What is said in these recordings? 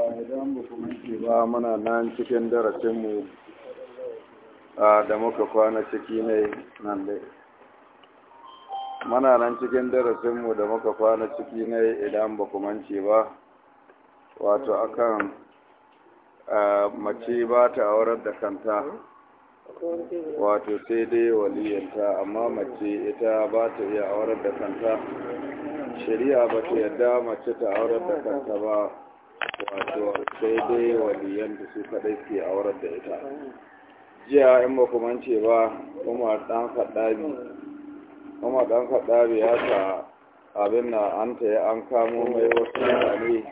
idan ba muna nan cikin darasinmu da muka kwana ciki ne nan dai muna nan cikin darasinmu da muka kwana ciki ne idan bukumanci ba wato akan mace ba ta aurar da kanta wato sai dai waliyanta amma mace ita ba ta iya aurar da kanta shari'a ba ta yarda mace ta aurar da kanta ba wato sai dai waliyan da su kadai ke aurar da ita jiya in ba kuma ce ba umar dan kaddabi umar dan kaddabi ya ta abin da an ta ya an kamo mai wasu mutane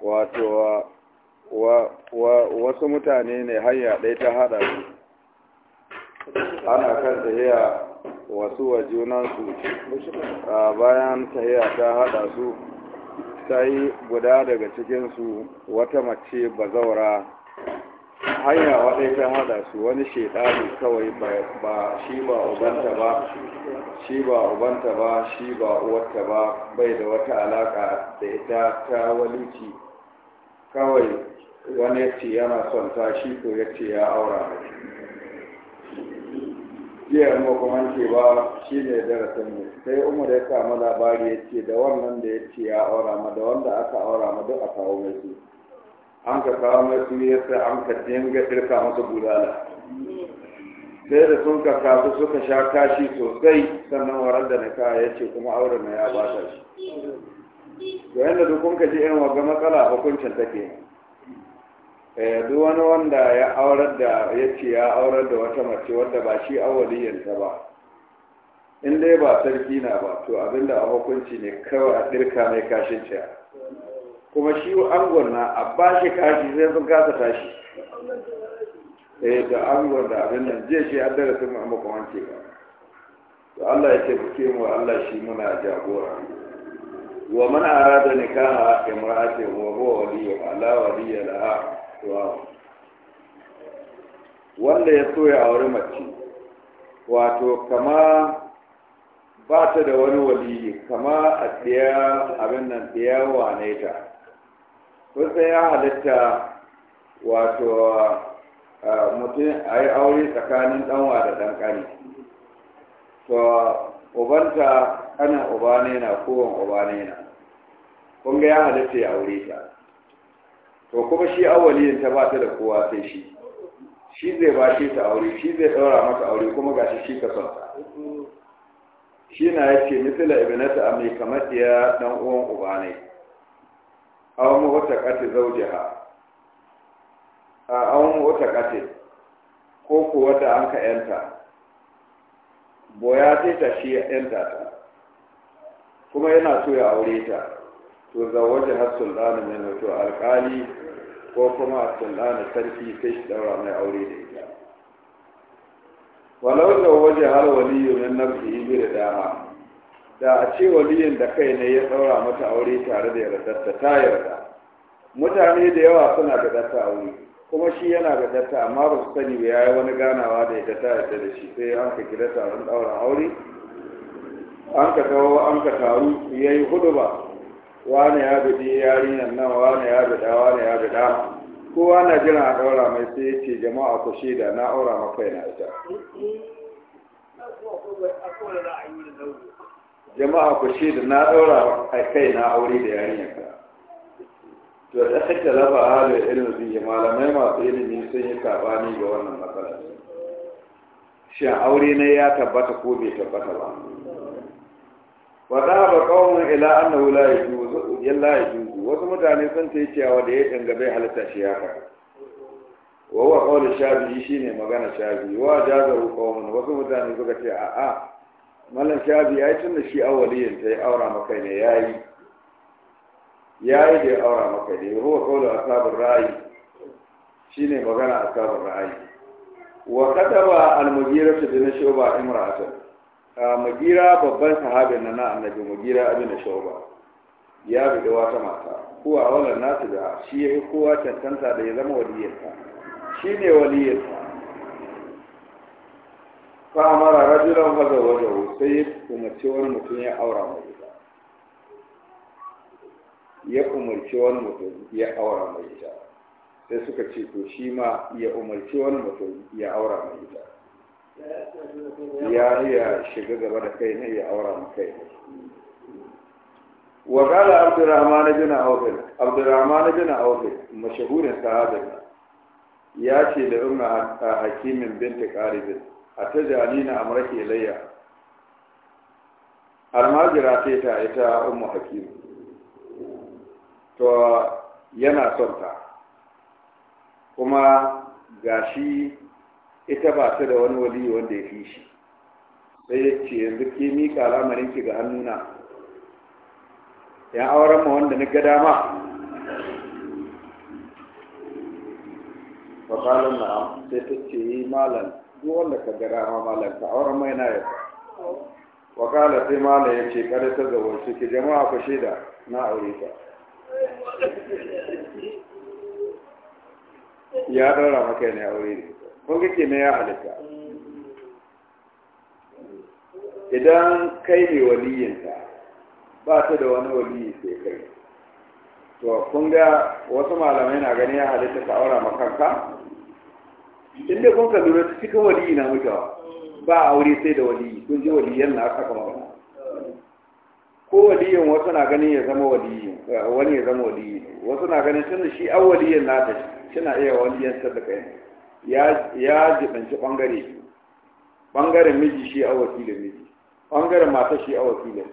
wato wasu mutane ne hanya ɗaya ta haɗa su ana kan tahiya wasu wa junansu bayan tahiya ta haɗa su ta yi guda daga cikinsu wata mace bazaura hanya wadai ta hada su wani shaidani kawai ba shi ba ubanta ba shi ba ubanta ba shi ba uwarta ba bai da wata alaka da ita ta walici kawai wani yace yana son ta shi ko yace ya aura jiya mu kuma ce ba shi ne darasin ne sai umar ya samu labari ya ce da wannan da ya ce ya aura ma da wanda aka aura ma duk a kawo mai su an ka kawo mai su ya sai an ka dinga tsirka musu bulala sai da sun ka kasu suka sha kashi sosai sannan warar da na kawo ya ce kuma aure na ya ta shi to yadda duk kun ji irin wagga matsala hukuncin take Eh, duk wani wanda ya aurar da ya ce ya aurar da wata mace wadda ba shi ta ba in dai ba sarki na ba to abinda a hukunci ne kawai a dirka mai kashin ciya kuma shi angon na a ba shi kashi sai sun kasa tashi eh da angon da abin nan je shi addara darasin mu amma kuma ba to Allah ya ke mu Allah shi muna jagora Wa arada nikaha نكاح wa huwa ولي لا ولي laha wanda ya so ya auri mace wato kama ba ta da wani wali kama a tsaya abin nan tsaye wane ta sai ya halitta wato mutum a yi aure tsakanin danwa da dan kani to ubanta kanin uba ne na kowane uba ne na kun ga ya halitta ya aure ta to kuma shi awwaliyin ta ba ta da kowa sai shi shi zai shi ta aure shi zai daura mata aure kuma gashi shi ka son ta shi na ya ce misala ibnata ami kamar diya dan uwan uba ne aw mu wata kati zawjaha aw mu wata kati ko ko wata an ka yanta boya sai ta shi yanta ta kuma yana so ya aure ta to za waje har sultana mai nato alkali ko kuma sultana sarki kai shi daura mai aure da ita walau da waje har waliyu nafi yi da dama da a ce waliyin da kai ne ya daura mata aure tare da yardarta ta yarda mutane da yawa suna gadarta aure kuma shi yana gadarta amma ba su sani ya yi wani ganawa da ita ta yarda da shi sai an ka gida taron daura aure an ka tawo an ka taru ya yi hudu ba wani ya ɗin yarinyar nan wani ya ɗa, wani ya ɗa. kowa na jiran a daura mai sai ya ce jama'a ku shaida na aura ma kai na ita jama'a ku shaida na daura a kai na aure da yarinyar ka to da haka lafa irin ilmi yi malamai masu ilimi sun yi sabani ga wannan matsalar shin aure ne ya tabbata ko bai tabbata ba wa dhaba qaumun ila annahu la yajuzu illa wasu mutane sun ta cewa da ya danga bai halitta shi haka wa huwa qawl shafi'i shine magana shafi'i wa jazahu qaumun wasu mutane suka ce a a mallan shafi'i ai da shi awaliyin tai aura maka ne yayi yayi da aura maka ne huwa qawl ashabur ra'i shine magana ashabur ra'i wa kataba al-mughira bi nashuba imra'atan magira babban sahabin na na annabi magira abin shauba ya bi da wata mata ko a wannan nasu da shi ya yi kowa cancanta da ya zama waliyarsa shi ne waliyarsa fa amara rajulan fa zawajahu sai ya umarci wani mutum ya aura mai ita ya umarci wani mutum ya aura mai ita sai suka ce to shi ma ya umarci wani mutum ya aura mai ita ya iya shiga gaba da kai ne ya aura mu kai wa kala abdurrahman ibn auf abdurrahman ibn auf mashhurin sahabi ya ce da umma hakimin binti qaribin na amrake layya almajira ce ta ita ummu hakim to yana son ta kuma gashi ita ba ta da wani wali wanda ya fi shi sai ya ce yanzu ke miƙa al'amarin ki ga hannuna ya auren ma wanda na ga dama fa na na'am sai ta ce yi eh, malam duk wanda ka ga dama malam ka auren mai na yau wa qala sai malam ya ce kada ta zawar ke jama'a ku shaida na aure ta ya ɗora maka ne aure ne kun ga na ya halitta idan kai ne waliyinta ba ta da wani waliyi sai kai to kun ga wasu malamai na gani ya halitta ka aura makanka inda kun ka lura ta cikin waliyi na mutuwa ba aure sai da waliyi kun ji waliyan na aka kama wani ko waliyin wasu na ganin ya zama waliyi wani ya zama waliyi wasu na ganin tun shi an waliyin na ta shi na iya waliyan ta da ya jibanci ɓangare biyu ɓangaren miji shi a wakilin miji ɓangaren mata shi a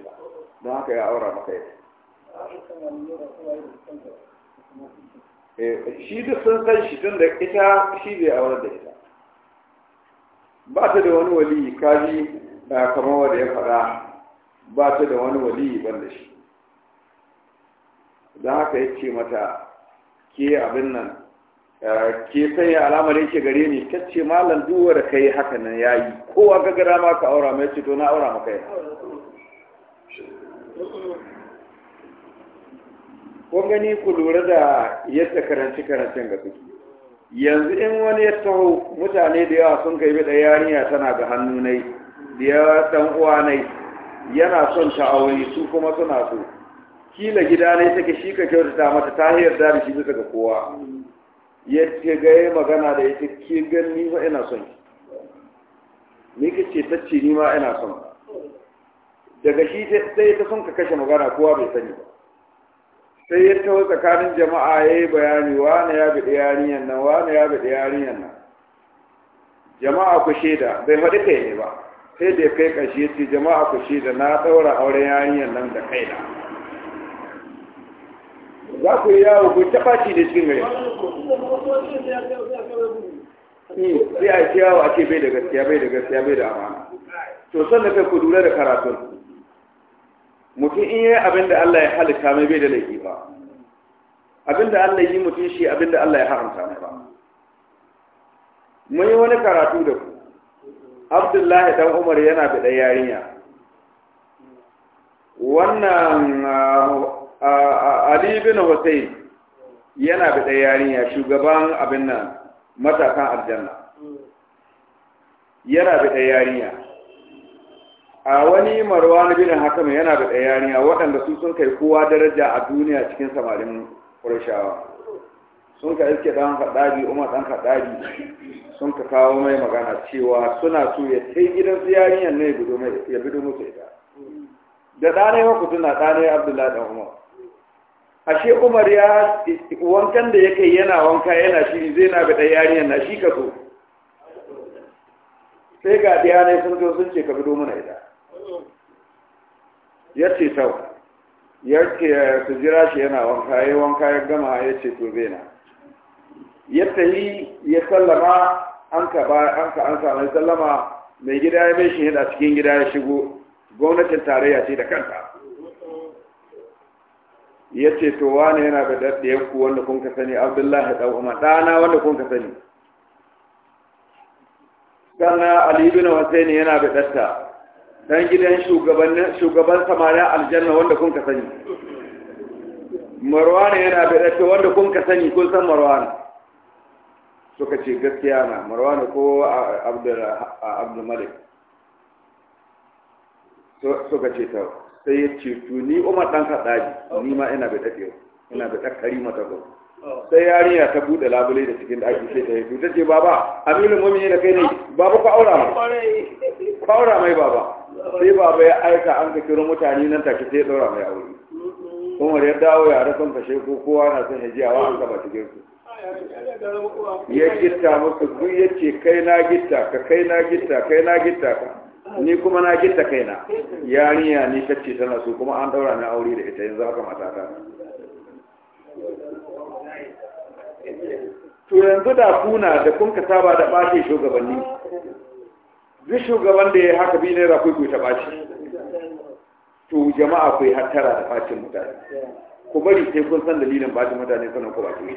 ta, don haka ya aura maka ya eh, shi duk sun san shi tun da ita shi zai aure da ita ba ta da wani wali kaji da eh, kamar wanda ya faɗa ba ta da wani wali ban da shi don haka ya ce mata ke abin nan ke sai alamar ke gare ni ta ce malam duwa da kai haka nan ya yi kowa ka gara ma ka aura mai ce to na aura maka yi kun gani ku lura da yadda karanci karancin ga suke yanzu in wani ya taho mutane da yawa sun kai da yarinya tana ga hannu nai da yawa dan uwa nai yana son ta aure su kuma suna so kila gida ne take shi ka kyautata mata ta yarda da shi bisa ga kowa ya ce ga ya magana da ita ke gan ni ina son ni ka ce ta ce ni ma ina son daga shi sai ta son ka kashe magana kowa bai sani ba sai ya taho tsakanin jama'a ya yi bayani wane ya bi yarinyar nan wane ya bi yarinyar nan jama'a ku shaida bai faɗi kai ne ba sai da ya kai ƙarshe ya ce jama'a ku shaida na ɗaura auren yarinyar nan da kaina za ku yi yawo ku ta faci da cikin gari hmm, sai a ce yawo ake bai da gaskiya bai da gaskiya bai da amana to da kai ku lura da karatun mutum in yi abin da Allah ya halitta mai bai da laifi ba abin da Allah yi mutum shi abin da Allah ya haramta mai ba mun yi wani karatu da ku abdullahi dan umar yana da ɗan yarinya wannan ah, Ali bin Hussein yana da yarinya shugaban abin nan matakan aljanna yana da yarinya a wani marwan bin hakam yana da yarinya waɗanda su sun kai kowa daraja a duniya cikin samarin ƙurshawa sun ka iske ɗan kaɗabi umar ɗan kaɗabi sun ka kawo mai magana cewa suna so ya kai gidan su yarinyar ne ya bido musu ita da ɗanai hukutu na ɗanai abdullahi ɗan umar ashe umar ya wankan da yake yana wanka yana shi zai na bada yariyar na shi ka so sai ga diyanai sun zo sun ce ka bido mana ita ya ce sau ya ce su jira shi yana wanka ya wanka ya gama ya ce to zai na ya tafi ya sallama an ka ba an ka an sallama mai gida ya mai shi yana cikin gida ya shigo gwamnatin tarayya ce da kanta ya ce to wane yana da daddayen ku wanda kun ka sani abdullahi dan umar dana wanda kun ka sani sannan ali ibn husaini yana da dadda dan gidan shugaban shugaban samarin aljanna wanda kun ka sani marwan yana da dadda wanda kun ka sani kun san marwan suka ce gaskiya na marwan ko abdul abdul malik suka ce ta sai ya ce to ni Umar dan Khattabi ni ma ina bi dadewa ina da dakkari mata go sai yarinya ta bude labule da cikin daki sai ta yi to ce baba amilul mu'minin ne kai ne baba ku aura mai ku aura mai baba sai baba ya aika an ka kiro mutane nan take sai ya daura mai aure Umar ya dawo ya rasan fashe ko kowa na son wa an gaba cikin su ya gitta musu duk ya ce kai na gitta ka kai na gitta kai na gitta ka ni kuma na gitta kaina yarinya ni tacce tana so kuma an daura ni aure da ita yanzu haka matata to yanzu da kuna da kun ka saba da bace shugabanni duk shugaban da ya haka bi naira kuwa ta bace to jama'a ku hattara da ɓacin mutane ku bari sai kun san dalilin ɓacin mutane sannan ku ɓace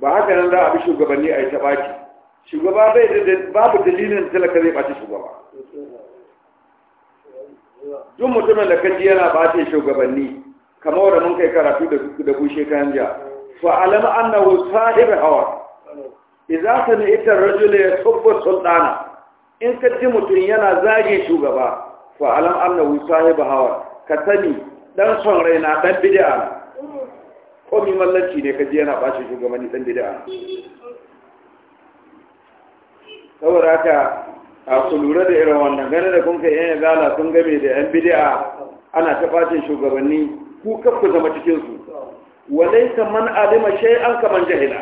ba haka nan za a bi shugabanni a yi ta bace shugaba bai da babu dalilin talaka zai bace shugaba duk mutumin da kaji yana ɓace shugabanni kamar wanda mun kai karatu da bushe kan ja fa alama annahu sahibi hawa idza ita rajul ya yasubbu sultana in ka ji mutum yana zage shugaba fa alama annahu sahibi hawa ka sani dan son raina dan bid'a ko mi mallaci ne ka ji yana bace shugabanni dan bid'a saboda haka a su lura da irin wannan gane da kun kai yan zala sun game da yan bid'a ana ta bacin shugabanni ku kaf ku zama cikin su walaysa man alima ka man jahila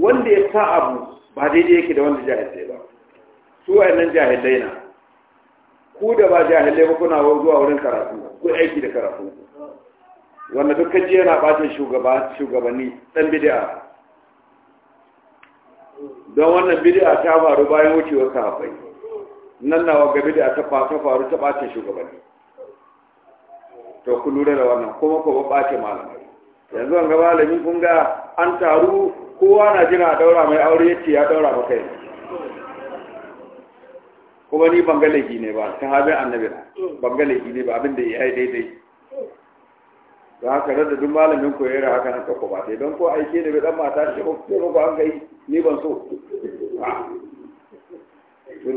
wanda ya sa abu ba daidai yake da wanda jahilai ba su wayannan jahilai na ku da ba jahilai ba kuna zuwa wurin karatu ku aiki da karatu wanda dukkan jiya na bacin shugaba shugabanni dan bid'a don wannan bid'a ta faru bayan wucewar sahabbai nan na ga bid'a ta ta faru ta ɓace shugabanni to ku lura da wannan kuma ko bace malamai yanzu an ga malami kun ga an taru kowa na jira a daura mai aure yace ya daura ba kai kuma ni bangalegi ne ba sahabin annabi ban ga ne ba abin da ya yi daidai da haka da duk malamin ko yara haka nan kafa ba sai don ko aike da bai dan mata shi ko ko an kai ni ban so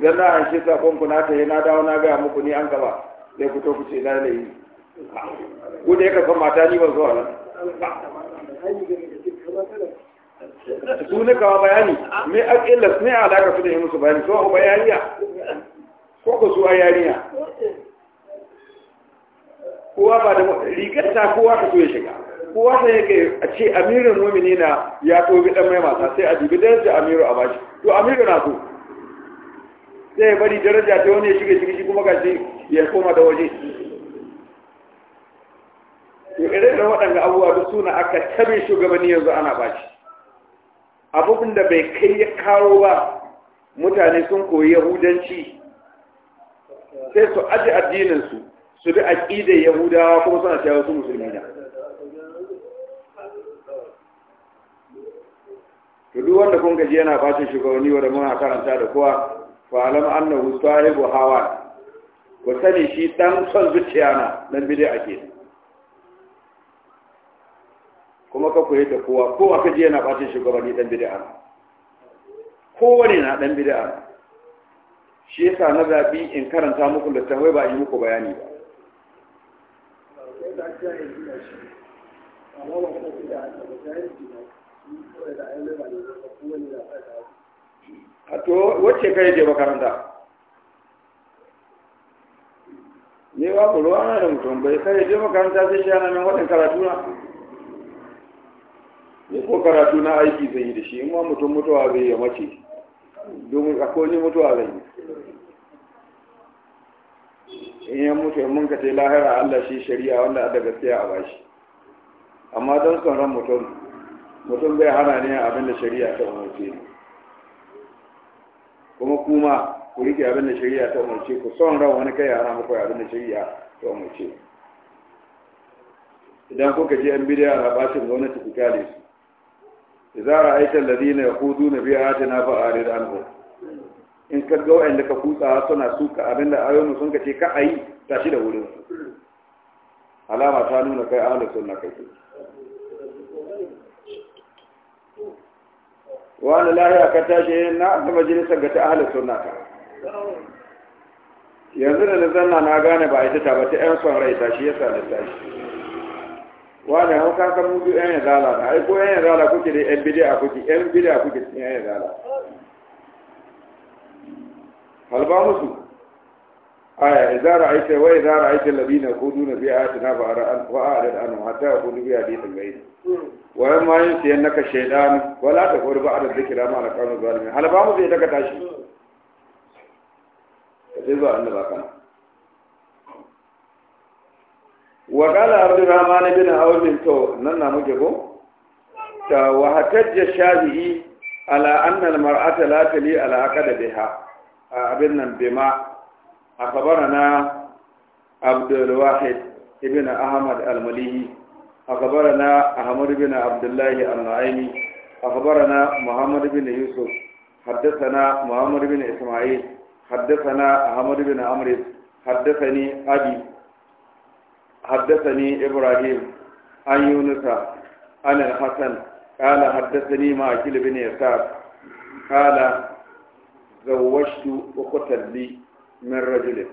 dan na an shi sakon ku na ta na dawo na ga muku ni an gaba sai ku to ku ce dai lai ku dai ka san mata ni ban so nan su ne kawa bayani me akilla ne alaka su da yi musu bayani so a bayaniya ko ko su ayariya kowa ba da rigar ta kowa ka so ya shiga kowa sai yake a ce amirin nomini na ya tobi dan mai mata sai a dubi daraja amiru a bashi to amiru na so sai bari daraja ta wani ya shiga shiga shi kuma gashi ya koma da waje to irin waɗanda abubuwa da suna aka tabe shugabanni yanzu ana bashi abin da bai kai ya kawo ba mutane sun koyi yahudanci sai su aji su su bi aƙidar yahudawa kuma suna cewa su musulmi na to duk wanda kun gaji yana bacin shugabanni wanda muna karanta da kowa fa alam annahu sahibu hawa ku sani shi dan son zuciya na nan bide ake kuma ka koyi da kowa ko ka ji yana bacin shugabanni dan ana kowane na dan ana shi yasa na zabi in karanta muku littafai ba yi muku bayani ba a to wacce kai je makaranta ne ba ku ruwa na da mutum bai kare je makaranta sai shi yana nan waɗin karatu na ne ko karatu aiki zai yi da shi in ma mutum mutuwa zai yi mace domin akwai ni mutuwa zai yi ka yi mun ka ta lahira Allah shi shari'a wanda a da gaskiya a bashi amma don son mutum mutum bai hana ne abin da shari'a ta umarce ne kuma kuma ku rike abin da shari'a ta umarce ku son ran wani kai yara muku abin da shari'a ta umarce idan kuka je an bidiya a bashin gwamnati ku kyale su idza ra'aita alladhina yaquduna bi ayatina fa'arid anhum in ka ga wa'anda ka kutsa suna suka abinda ayoyin sun ka ce ka ayi tashi da wurin alama ta nuna kai a ahlus sunna kai wani lahiya ka tashi na da majalisar ga ta ahlus suna ta yanzu da na zanna na gane ba a ita ta ba ta yan son rai ta shi sa da tashi wani hau ka san mutu yan ya zala na aiko yan ya zala kuke da yan bidiya kuke yan bidiya kuke yan ya zala halba musu aya idza ra'aita wa idza ra'aita alladhina yaquduna fi ayatina fa'ara fa'arid anhum hatta yaqulu bi hadithin ghayri wa yamma yansi annaka shaytan wa la tafur ba'da dhikra ma la zalimin hal ba mu zai daga tashi sai ba kana wa qala abdurrahman ibn to nan na muke ko ta wa hatajja shafi'i ala anna al-mar'ata la tali ala aqada biha abin nan bima أخبرنا عبد الواحد ابن أحمد المليهي أخبرنا أحمد بن عبد الله النعيمي أخبرنا محمد بن يوسف حدثنا محمد بن إسماعيل حدثنا أحمد بن عمرو حدثني أبي حدثني إبراهيم عن يونس عن الحسن قال حدثني ماكل بن يسار قال زوجت أختا لي min rajulin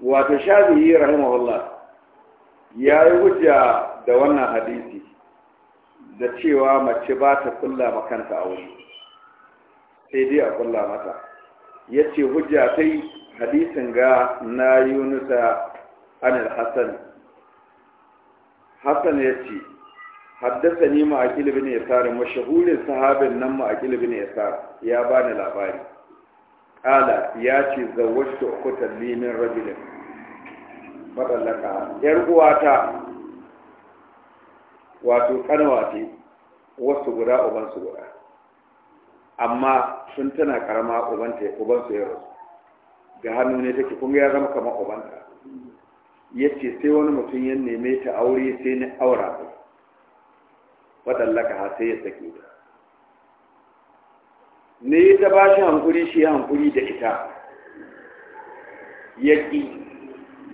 wato shafi'i rahimahullah ya yi hujja da wannan hadisi da cewa mace ba ta kulla makanta a wuri sai dai a kulla mata ya ce hujja sai hadisin ga na yunusa anil hassan hassan ya ce haddasa ni ma'akil bin yasar mashahurin sahabin nan ma'akil bin yasar ya bani labari Ala ya ce zawwashtu ukhtan li min rajulin madallaka yar uwata wato kanwa ce wasu guda uban su guda amma sun tana karama ubanta uban su ya rasu ga hannu ne take kun ya zama kamar ubanta yace sai wani mutum ya neme ta aure sai na aura ba. wadallaka sai ya sake ta ne ta ba shi hankuri shi hankuri da ita ya ƙi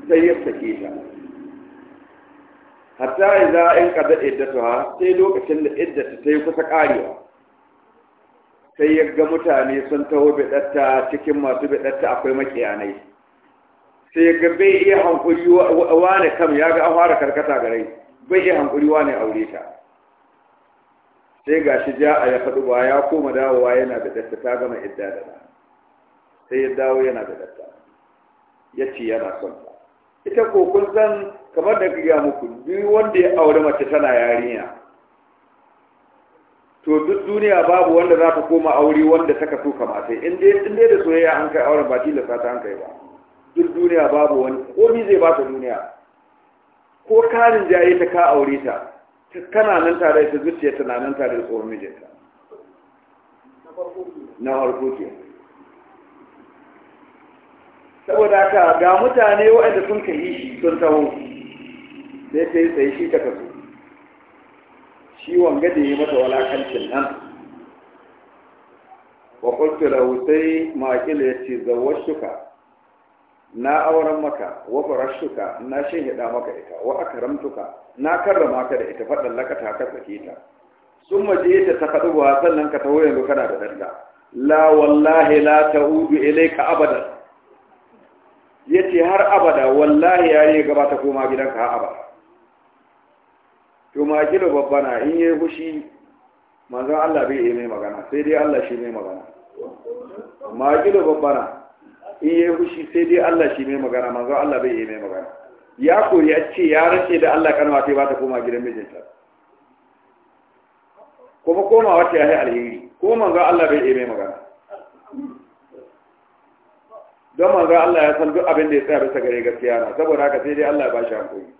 sai ya sake ta hatta ya za ka daɗe ha sai lokacin da iddata ta yi kusa ƙarewa sai ya ga mutane sun taho biɗatta cikin masu biɗatta akwai makiyanai sai ga bai iya hankuri ne kam ya ga an fara karkata gare bai iya hankuri ne aure ta sai ga shi ja a ya faɗi ba ya koma dawowa yana da datta ta gama idda da nan, sai ya dawo yana da datta ya ce yana son ta ita ko kun san kamar da gaya muku duk wanda ya aure mace tana yarinya to duk duniya babu wanda za ta koma aure wanda ta kaso kamata in dai in dai da soyayya an kai auren ba tilasta ta an kai ba duk duniya babu wani komi zai ba ta duniya ko karin jaye ta ka aure ta kana nan tare da zuciya tana nan tare da tsohon mijinta na harko ke saboda haka ga mutane waɗanda sun ka yi shi sun taho sai ta yi sai shi ta kaso shi wanga da ya mata walakancin nan wa kultu lahu sai maqil yace shuka. na auren maka wa farashuka na hida maka ita wa akaramtuka na karrama ka da ita fadan lakata ta ka ta sun maje ta ta faɗi wa sannan ka tawo yanzu kana da danda la wallahi la ta'udu ilayka Ya yace har abada wallahi ya yi gaba ta koma gidanka har abada to babba na in yayi fushi manzon Allah bai yi mai magana sai dai Allah shi mai magana babba na. in yayi fushi sai dai Allah shi mai magana manzo Allah bai yi mai magana ya kori ya ce ya race da Allah kan sai ba ta koma gidan mijinta kuma komawa ta yayi alheri ko manzo Allah bai yi mai magana don manzo Allah ya san duk abin da ya tsaya bisa gare gaskiya na saboda haka sai dai Allah ya bashi hankali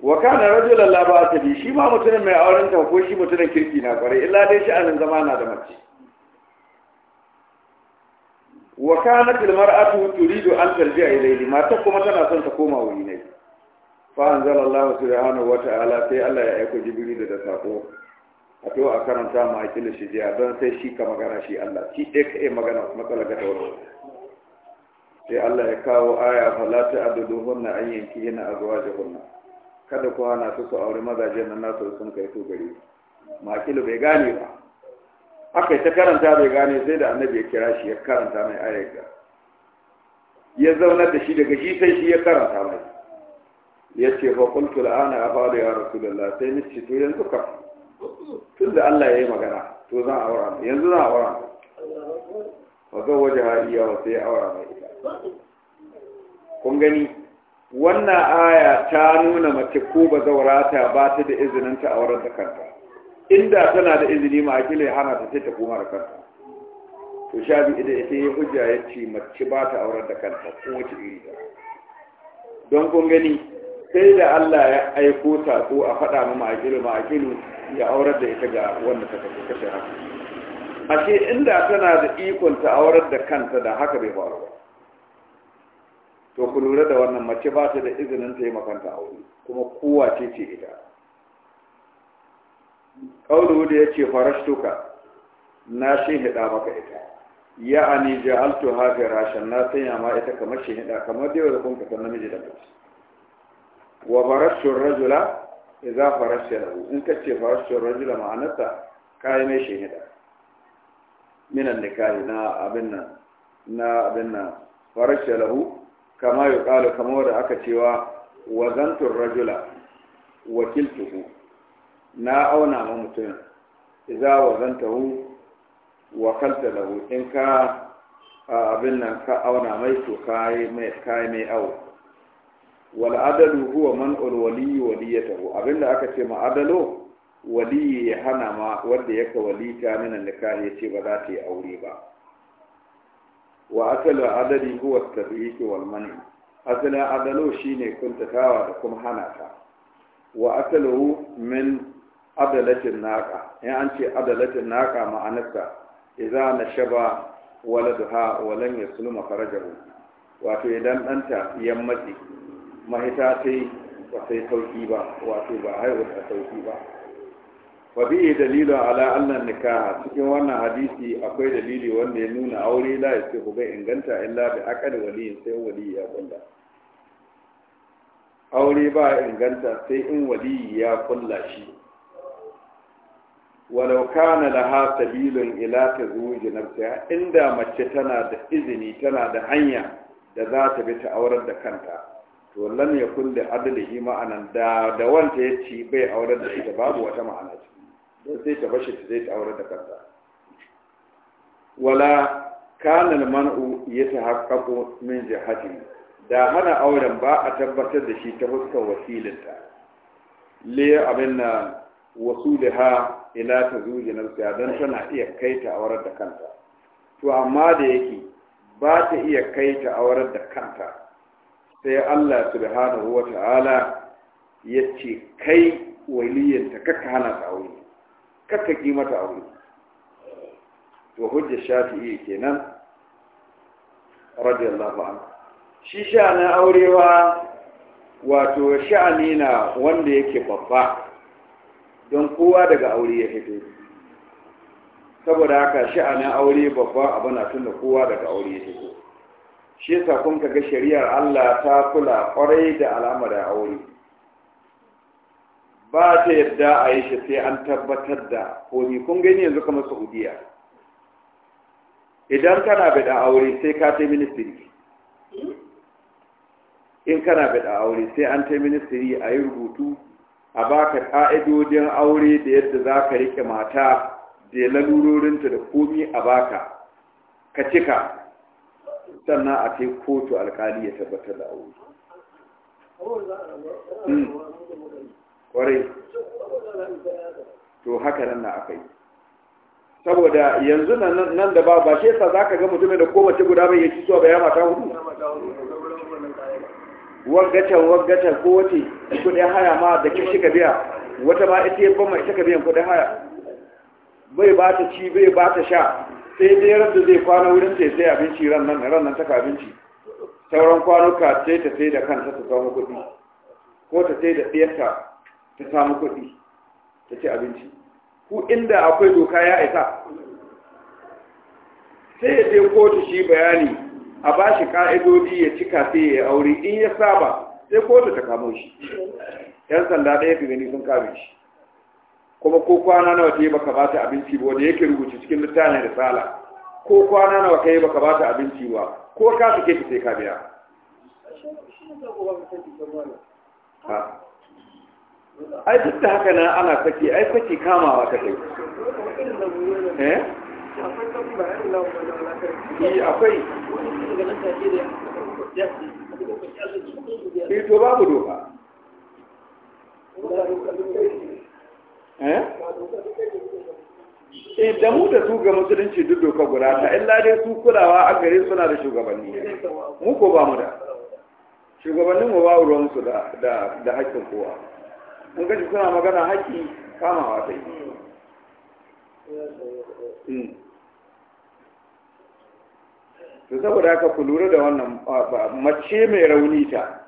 wa kana rajulan la ta bi shi ma mutumin mai auren ta ko shi mutumin kirki na kware illa dai shi anan zama na da mace wa kanat mar'atu turidu an tarji'a ilayhi ta kuma tana son ta koma wuri ne fa anzalallahu subhanahu wa ta'ala sai Allah ya aika jibril da sako a to a karanta ma akil jiya don sai shi ka magana shi Allah shi dai ka yi magana matsala ga tawo sai Allah ya kawo aya ta'budu hunna an yankihina azwajuhunna kada ku hana su su aure mazajen nan su sun kai to gari ma bai gane ba aka yi ta karanta bai gane sai da annabi ya kira shi ya karanta mai ayyuka ya zauna da shi daga shi sai shi ya karanta mai ya ce fa qultu al'ana afadu ya rasulullah sai ni ce to yanzu ka tun da Allah ya yi magana to zan aura yanzu zan aura wa waje hadiya wa sai aura mai ita kun gani wannan aya ta nuna mace ko ba zaurata ba ta da izinin ta aurar da kanta inda tana da izini ma ake ya hana ta sai ta koma da kanta to sha biyu idan ita ya hujja ya ce mace ba ta aurar da kanta ko wace iri ta don kun gani sai da Allah ya aiko ta ko a faɗa ma ma'akilu ma'akilu ya aurar da ita ga wanda ta kashe kashe haka ashe inda tana da ikon ta aurar da kanta da haka bai faru ba to ku lura da wannan mace ba ta da izinin ta yi makanta aure kuma kowa ce ce ita kaulu da yace farashtuka na shi hida maka ita ya ani ja'altu hafi firashan na sanya ma ita kamar shi hida kamar dai wanda kun ka san namiji da mace wa farashu rajula idza ya lahu in kace farashu rajula ma'anarsa kai mai shi hida minan da nikahi na abin nan na abin nan farasha lahu kama kalu kamar da aka cewa wazantu rajula wakiltuhu na auna ma mutum zan wazantahu wa kanta da in ka abin nan ka auna mai to kai mai kai mai awo wal adalu huwa man ul wali abin da aka ce ma adalo wali ya hana ma wanda yake walita minan ya ce ba za ta yi aure ba wa asala adali huwa tabiiki wal mani asalin adalo shine kuntatawa da kuma hana ta wa asalu min adalatin naka in an ce adalatin naka ma'anarsa idza nashaba waladuha wa lam yaslu makarajahu wato idan ɗanta ya matsi mahita ta ba sai sauki ba wato ba haihu da sauki ba wa bi dalilu ala annan nikaha cikin wannan hadisi akwai dalili wanda ya nuna aure la yasihu bai inganta illa bi aqali wali sai wali ya kulla aure ba inganta sai in wali ya kulla shi walau kana da ha sabilin ila tazwiji nafsiha inda mace tana da izini tana da hanya da za ta bi ta aurar da kanta to lam yakun li adlihi ma'anan da da wanda ya ci bai aurar da ita babu wata ma'ana ce don sai ta bashi ta zai ta aurar da kanta wala kana man'u yatahaqqaqu min jihati da hana auren ba a tabbatar da shi ta fuskar wasilinta le abin na wasu da ha ila ta zuji nafsiya don tana iya kai ta aurar da kanta to amma da yake ba ta iya kai ta aurar da kanta sai Allah subhanahu wa ta'ala ya ce kai waliyanta kakka hana ta aure kakka ki mata aure to hujjar shafi'i kenan radiyallahu anhu shi sha'anin aurewa wato sha'ani na wanda yake babba don kowa daga aure ya fito saboda haka sha'anin aure babban abu na tunda kowa daga aure ya fito shi yasa kun ga shari'ar Allah ta kula kwarai da al'amarin aure ba ta yadda a yi shi sai an tabbatar da komi kun gani yanzu kamar Saudiya idan kana bada aure sai ka ta ministry in kana bada aure sai an ta ministry a yi rubutu a baka ƙa'idodin aure da yadda za ka riƙe mata da ya lalurorinta da komi a baka ka cika sannan a kai kotu alkali ya tabbatar da aure hmm. kwarai to haka nan na aka yi saboda yanzu nan da ba ba shi yasa za ka ga mutumin da kowace guda bai yake so ba ya mata hudu waggata waggata ko wace kudin haya ma da kin shi ka biya wata ma ita ya mai ita ka biyan kudin haya bai ba ta ci bai ba ta sha sai dai ran da zai kwana wurin ta sai abinci ran nan ran nan ta ka abinci sauran kwanuka sai ta sai da kanta ta samu kuɗi ko ta sai da ɗiyarta ta samu kuɗi ta ci abinci ku inda akwai doka ya isa sai ya je kotu shi bayani a ba shi ka'idodi ya ci kafe ya aure in ya saba sai kotu ta kamo shi yan sanda ɗaya ka gani sun kame shi kuma ko kwana nawa ta yi baka ba ta abinci ba wanda yake rubuce cikin littafin da tsala, ko kwana nawa ka yi baka ba ta abinci ba ko ka sake ta sai ka biya ai duk da haka nan ana saki, ai saki kamawa ka kai eh akwai eh, eh, to babu doka eh? eh da mu da su ga musulunci duk doka guda ta illa dai su kulawa a gare suna da shugabanni mu ko ba mu da shugabannin mu ba ruwan su da da da haƙƙin kowa mun ga suna magana haƙƙi kama wa ta yi hmm. to saboda haka ku lura da wannan mace mai rauni ta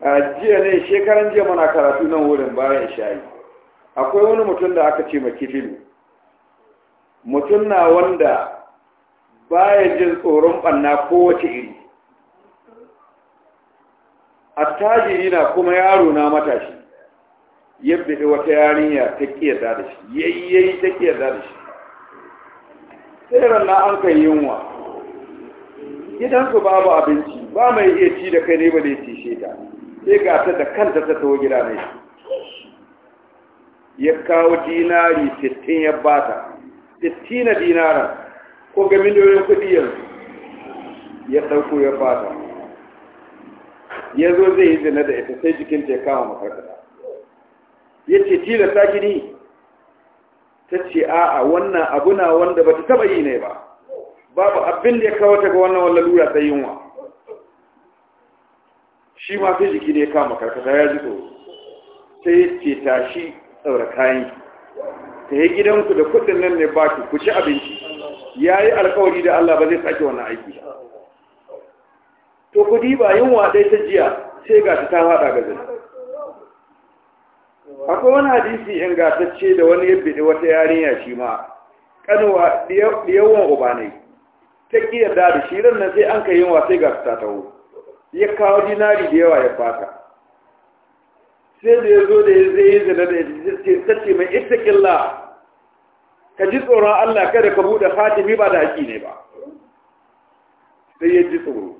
a jiya ne shekaran jiya muna karatu nan wurin bayan shayi akwai wani mutum da aka ce makifin mutum na wanda baya jin tsoron ɓanna kowace iri attajiri na kuma yaro na matashi yadda wata yarinya ta kiyarda da shi yayyayi ta kiyarda da shi tseren na an kai yunwa gidansu babu abinci ba mai iya ci da kai ne ba da ya cishe ta sai ga ta da kanta ta tawo gida mai ya kawo dinari sittin ya bata sittin na dinaran ko ga miliyoyin kuɗi yanzu ya ɗauko ya bata ya zo zai yi zina da ita sai jikinta ya kama makarkata ya ce tilasta gini ta ce a'a wannan abu na wanda ba ta taba yi ne ba babu abin da ya kawo ta ga wannan wannan lura ta yunwa shi ma sai jiki ne ya kama karkata ya ji tsoro sai ya ce tashi tsaura kayan ta yi gidanku da kudin nan ne baki ku ci abinci ya yi alkawari da Allah ba zai sake wannan aiki to kudi ba yunwa ɗaya ta jiya sai ga ta ta faɗa ga zai akwai wani hadisi ingantacce da wani ya bide wata yarinya shi ma kanuwa yawan uba ne ta ƙi da da shi ran nan sai an kai yin wasai ga ta taho ya kawo dinari da yawa ya fata sai da ya zo da ya zai yi zina da ya ce, mai ita ittaqillah ka ji tsoron Allah kada ka buɗe fatimi ba da haƙi ne ba sai ya ji tsoro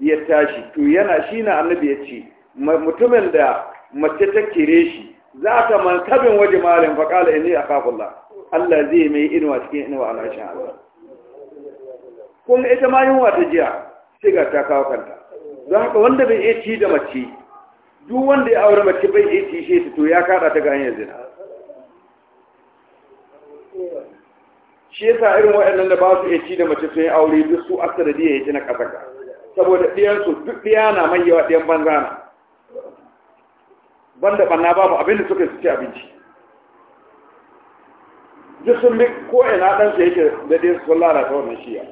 ya tashi to yana shi na annabi ya ce mutumin da mace ta kire shi za ta mankabin waje malin faƙala inni a kafula Allah zai mai inuwa cikin inuwa a rashin Allah kun ita ma yi ta jiya sai ga ta kawo kanta don haka wanda bai iya ci da mace duk wanda ya aure mace bai iya ci shi ta to ya kada ta ga zina shi sa irin waɗannan da ba su iya ci da mace sun yi aure duk su asara da ya yi na ƙasa saboda ɗiyansu duk ɗiya na mai ɗiyan banza na banda banna babu abin da suka ci abinci duk sun bi ko ina sai yake da dai sun lalata wannan shiya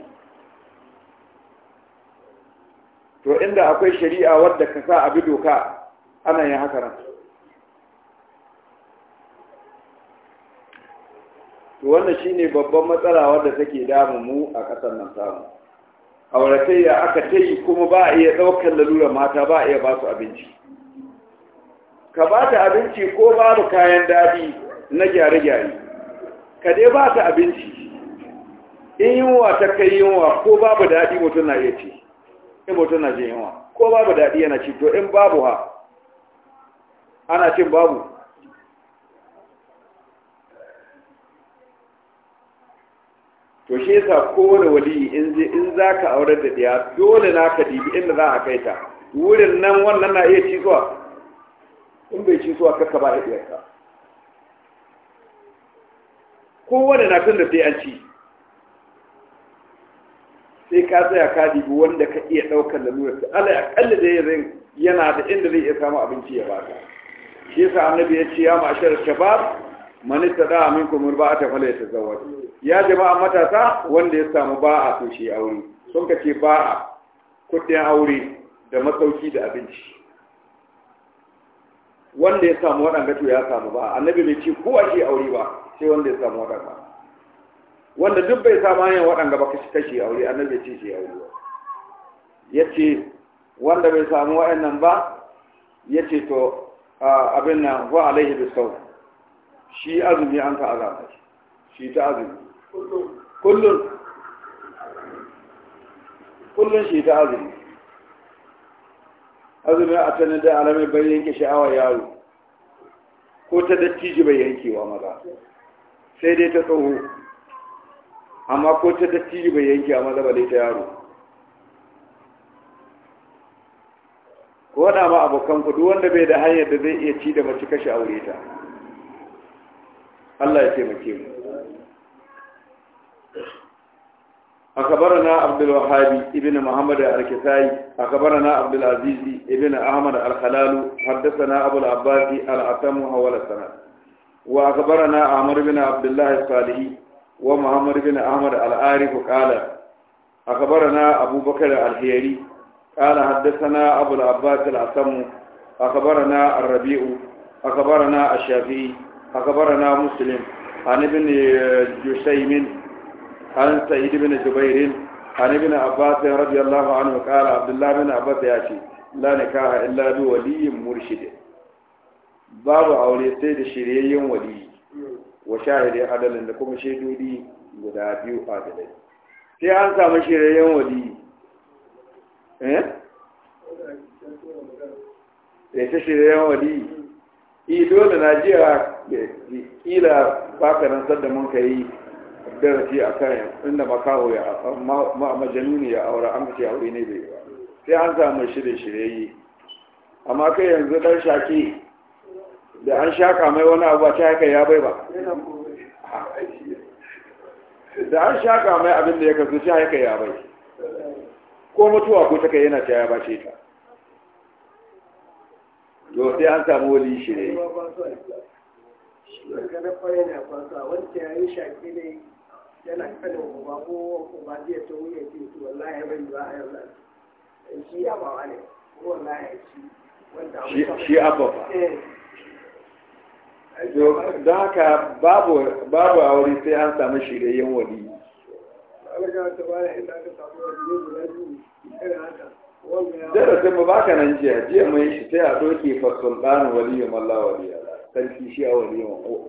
to inda akwai shari'a wadda ka sa abi doka ana yin haka nan to wannan shine babban matsala wadda take damu mu a ƙasar nan samu auratayya aka tayi kuma ba a iya ɗaukar lalura mata ba a iya ba su abinci ka ba ta abinci ko babu kayan daɗi na gyare-gyare ka dai ba ta abinci in wa ta kai wa ko babu daɗi mutum na iya ci in mutum na jin wa. ko babu daɗi yana ci to in babu ha ana cin babu to shi yasa kowane wali in za ka aurar da ɗiya dole na ka dibi inda za a kai ta wurin nan wannan na iya ci zuwa in bai ci suwa kakka ba haɗiyarka kowane na tun da sai an ci sai ka tsaya ka dibi wanda ka iya ɗaukar nuna su ala aƙalla da yanzu yana da inda zai iya samu abinci ya baka shi yasa annabi ya ce ya ma'ashar shabab man istada ba ta fala zawa ya jama'a matasa wanda ya samu ba'a to shi aure sun kace ba'a kuɗin aure da masauki da abinci wanda ya samu waɗanga, to ya samu ba annabi bai ci ko ake aure ba sai wanda ya samu waɗanga wanda duk bai samu hanyar waɗanga ba kashi kashi aure annabi bai ci shi aure ba ya ce wanda bai samu waɗannan ba ya ce to abin nan wa alaihi bi sau shi azumi an ka azaba shi ta azumi kullum kullum shi ta azumi azumin a sanar da alamai bai yanke sha'awa yaro ko ta dattiji bai yankewa maza sai dai ta tsoho amma ko ta dattiji bai yankewa maza ba dai ta yaro ko wada ma abokan kudu wanda bai da hanyar da zai iya ci da mace kashe aure ta Allah ya taimake mu أخبرنا عبد الوهاب ابن محمد الكسائي أخبرنا عبد العزيز ابن أحمد الخلال حدثنا أبو العباس العتم حول السند وأخبرنا عمرو بن عبد الله الصالحي ومحمد بن أحمد العارف قال أخبرنا أبو بكر الحيري قال حدثنا أبو العباس العتم أخبرنا الربيع أخبرنا الشافعي أخبرنا مسلم عن ابن جسيم an sa'id ibn jubair an ibn abbas radiyallahu anhu qala abdullah ibn abbas ya ce la nikaha illa bi waliyyin murshid babu aure sai da shiryayyen waliyi wa shahidi adalin da kuma shaidodi guda biyu adalai sai an samu shiryayyen waliyi eh sai ta shiryayyen waliyi i dole na jiya ila baka nan sadda mun kai darasi a kan inda makaho ya majanuni ya aura an kace aure ne bai ba sai an samu shirye shirye amma kai yanzu dan shaki da an shaka mai wani abu ba ta haka ya bai ba da an shaka mai abin da ya kasu ta haka ya bai ko mutuwa ko ta kai yana ta ya bace ta to sai an samu wani shirye shi ne ya yi shaki ne yana kada uba ko uba zai ta wuya ce to wallahi bai ba a yau shi ya ba ne ko wallahi shi wanda shi abba eh. don haka babu a wuri sai an samu shirayyen wali darasin mu baka nan jiya jiya mai shi sai a doke wani sultanu malla wani waliya sarki shi a wani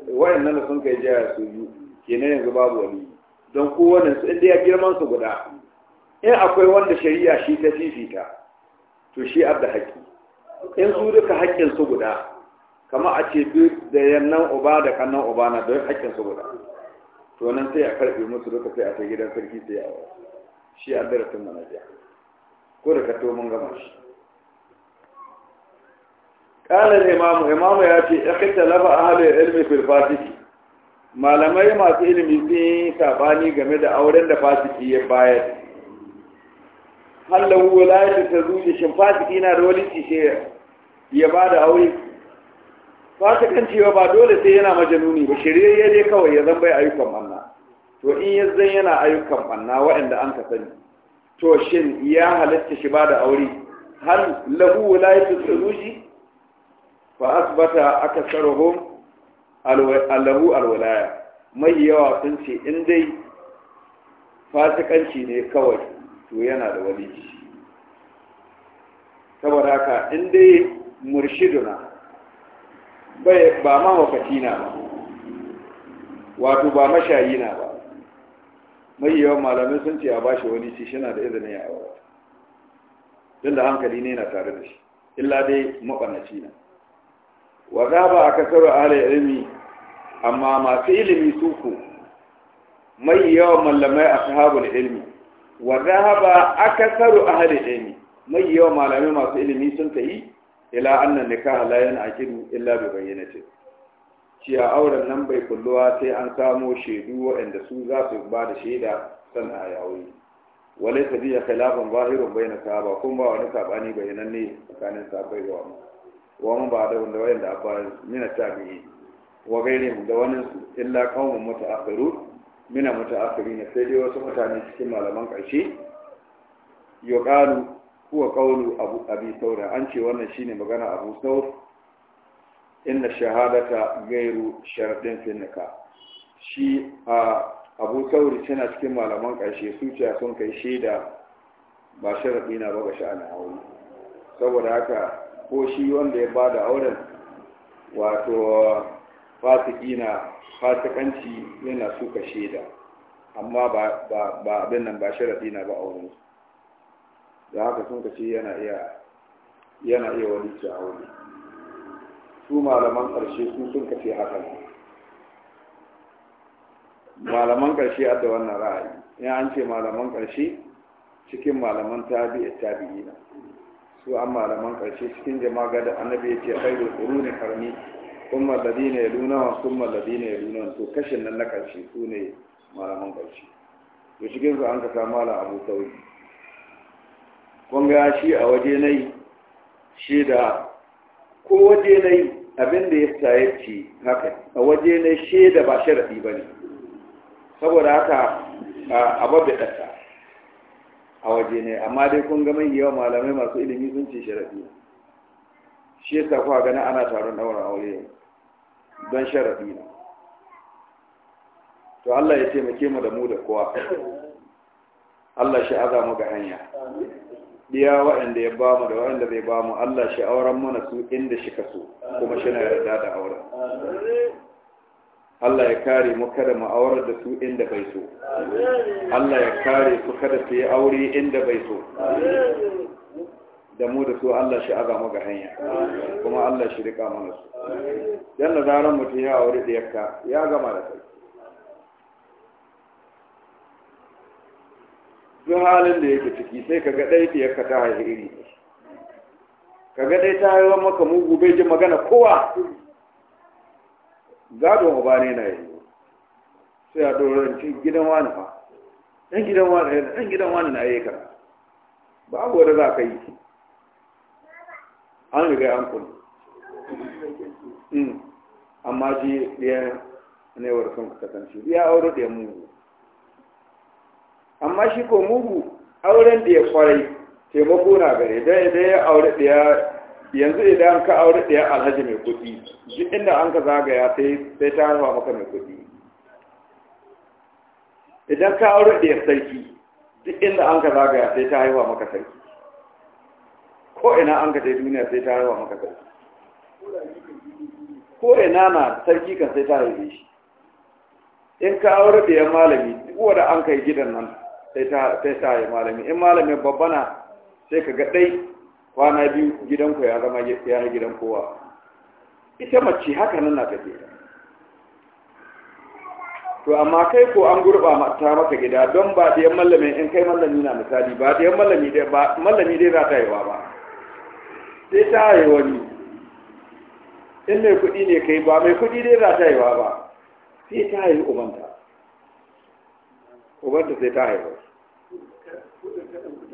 waliyu nan sun kai jiya su biyu kenan yanzu babu waliyu don kowane su inda ya girman su guda in akwai wanda shari'a shi ta fifita to shi abda haƙƙi in su duka haƙƙin su guda kama a ce duk da yannan uba da kannan uba na don haƙƙin su guda to nan sai a karɓe musu duka sai a ta gidan sarki sai a wasu shi abda rasin manajiya ko da kato mun gama shi ya ce ya kai talaba a halayyar ilmi filfatiki malamai masu ilimi sun yi sabani game da auren da fasiki ya bayar hallahu walayatu ta zuci shin fasiki na da wani cishe ya ba da aure fasikan cewa ba dole sai yana majanuni ba shirye ya je kawai ya zan bai ayyukan manna to in ya zan yana ayyukan manna waɗanda an ka sani to shin ya halatta shi ba da aure hal lahu walayatu ta zuci fa asbata akasaruhum allahu alwalaya mai yawa sun ce in dai fasikanci ne kawai to yana da wani wali saboda haka in dai murshiduna bai ba wakati na ba wato ba mashayi na ba mai yawan malamin sun ce a bashi wani ci shi na da izinin ya aure don da hankali ne na tare da shi illa dai maɓannaci na wa gaba a kasar ahalar ilimi amma masu ilimi suku mai yawan mallamai a sahabar ilimi wa gaba a kasar ahalar ilimi mai yawan malamai masu ilimi sun ta yi ila annan nikah la yana akidu illa bi bayyanatin a auren nan bai kulluwa sai an samo shaidu waɗanda su za su ba da shaida san a yawoyi wale ta biya khilafan zahirun bayyana sahaba kuma ba wani sabani bayyananne tsakanin sabai da wannan Wani ba da wanda wayanda abba mina tabi'i wa gairihim da wani su illa qaumun muta'akhirun mina ne, sai dai wasu mutane cikin malaman ƙarshe yuqalu huwa qawlu abu abi saura an ce wannan shine magana abu saur inna shahadata gairu sharadin finnika shi a abu sauri tana cikin malaman ƙarshe suciya sun kai shaida ba sharaɗi na ba ga sha'anin hauli saboda haka ko shi wanda ya bada auren wato fasiki na fasikanci yana suka shaida amma ba abin nan ba sharaɗi na ba auren da haka sun ka ce yana iya wani ce aure su malaman ƙarshe su sun ka ce haka malaman ƙarshe da wannan ra'ayi in an ce malaman ƙarshe cikin malaman tabi'a tabi'ina su an malaman ƙarshe cikin jama'a ga da annabi ya ce khairu quruni karni kuma ladina yaduna wa kuma ladina yaduna to kashin nan na karshe su ne malaman ƙarshe to cikin su an ka samu malam Abu tawi kun ga shi a waje nayi shi da ko waje nayi abin da ya tsaye ci haka a waje nayi shi da ba sharadi bane saboda haka a babbe ɗasa a waje ne amma dai kun ga mai yawa malamai masu ilimi sun ce sharaɗi shi ya sa kuwa gani ana taron ɗaurin aure don sharaɗi ne to Allah ya taimake mu da mu da kowa Allah shi aza mu ga hanya diya waɗanda ya bamu da waɗanda bai bamu Allah shi auren mana su inda shi kaso kuma shi na yarda da auren Allah ya kare mu kada mu aurar da su inda bai so Allah ya kare su kada su yi aure inda bai so da mu da su Allah shi aza mu ga hanya kuma Allah shi rika mana su dan da zaran mutum ya aure da yakka ya gama da kai duk halin da yake ciki sai kaga dai da yakka ta haihu iri kaga dai ta haihuwa maka mugu bai ji magana kowa gadon uba ne na yanzu sai a doranci gidan wani fa ɗan gidan wani na eh, ɗan gidan wani na yi Ba babu wanda za ka yi an riga an kulle mm. amma ji ɗaya ne wa sun kasance ya aure ɗaya mugu amma shi ko mugu auren ɗaya kwarai taimako na gare dai dai ya aure ɗaya yanzu idan ka aure ɗaya alhaji mai kuɗi duk inda an ka zagaya sai sai ta rufa maka mai kuɗi idan ka aure ɗaya sarki duk inda an ka zagaya sai ta haihuwa maka sarki ko ina an ka je duniya sai ta haihuwa maka sarki ko ina na sarki kan sai ta haife shi in ka aure ɗaya malami duk wanda an kai gidan nan sai ta yi malami in malamin babba na sai ka ga ɗai kwana biyu gidanku ya zama ya yi gidan kowa ita mace haka nan na tafi to amma kai ko an gurba ta maka gida don ba da yan mallamin in kai mallami na misali ba da yan mallami dai ba mallami dai za ta haihuwa ba sai ta haihu wani in mai kuɗi ne kai ba mai kuɗi dai za ta haihuwa ba sai ta haihu ubanta ubanta sai ta haihu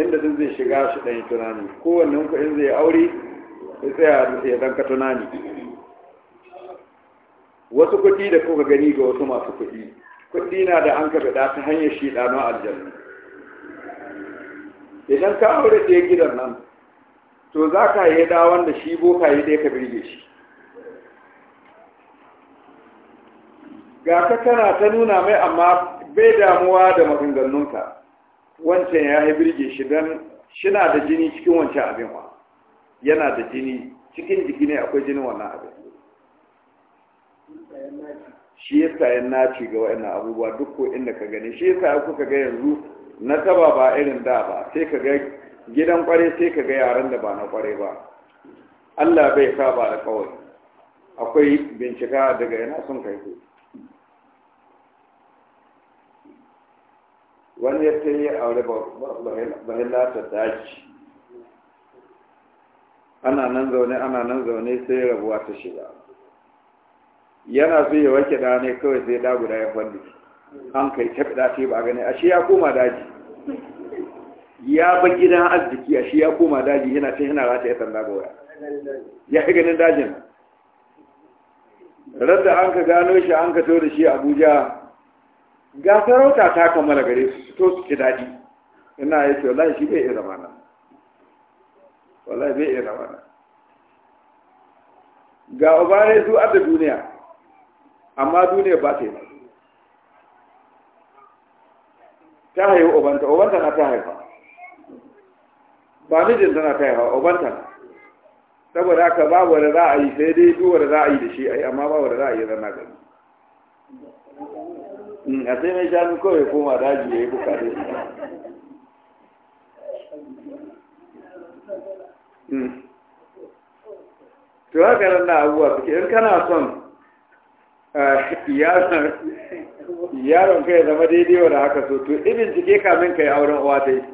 inda duk zai shiga shi ɗanyi tunani kowanne ku in zai aure ya tsaya ya ɗanka tunani wasu kuɗi da kuka gani ga wasu masu kuɗi kuɗi na da an ka bada ta hanyar shi ɗano aljanna idan ka aure da gidan nan to za ka yi da wanda shi boka yi ɗaya ka birge shi ga ka kana ta nuna mai amma bai damuwa da maganganunka wancan ya yi birge shi don shina da jini cikin wancan abin wa yana da jini cikin jiki ne akwai jini wannan abin shi yasa ya naci ga wa'annan abubuwa duk ko inda ka gani shi yasa kuka ga yanzu na taba ba irin da ba sai ka ga gidan kware sai ka ga yaran da ba na kware ba Allah bai saba da kawai akwai bincika daga yana sun kai ku wani ya ta yi aure bahillatar daji ana nan zaune ana nan zaune sai rabuwa ta shiga yana so ya wake da ne kawai sai da guda ya falli an kai ta fida sai ba a shi ya koma daji ya ba gidan arziki shi ya koma daji yana ta yana rata ya sanda da waya ya yi ganin dajin da an ka gano shi an ka to da shi abuja ga sarauta ta kammala gare su to su ke daɗi ina yace, wallahi shi bai iya zama nan wallahi bai iya zama nan ga ubare su adda duniya amma duniya ba ta yi ba ta haihu ubanta ubanta na ta haifa ba mijin tana ta haifa ubanta saboda haka ba wanda za a yi sai dai duwar za a yi da shi ai amma ba wanda za a yi zana gani a sai mai shanu kawai koma daji ya yi bukari to haka nan na abubuwa suke kana son yaron ka ya zama daidai wanda haka so to ibin jike kamin ka yi auren uwa ta yi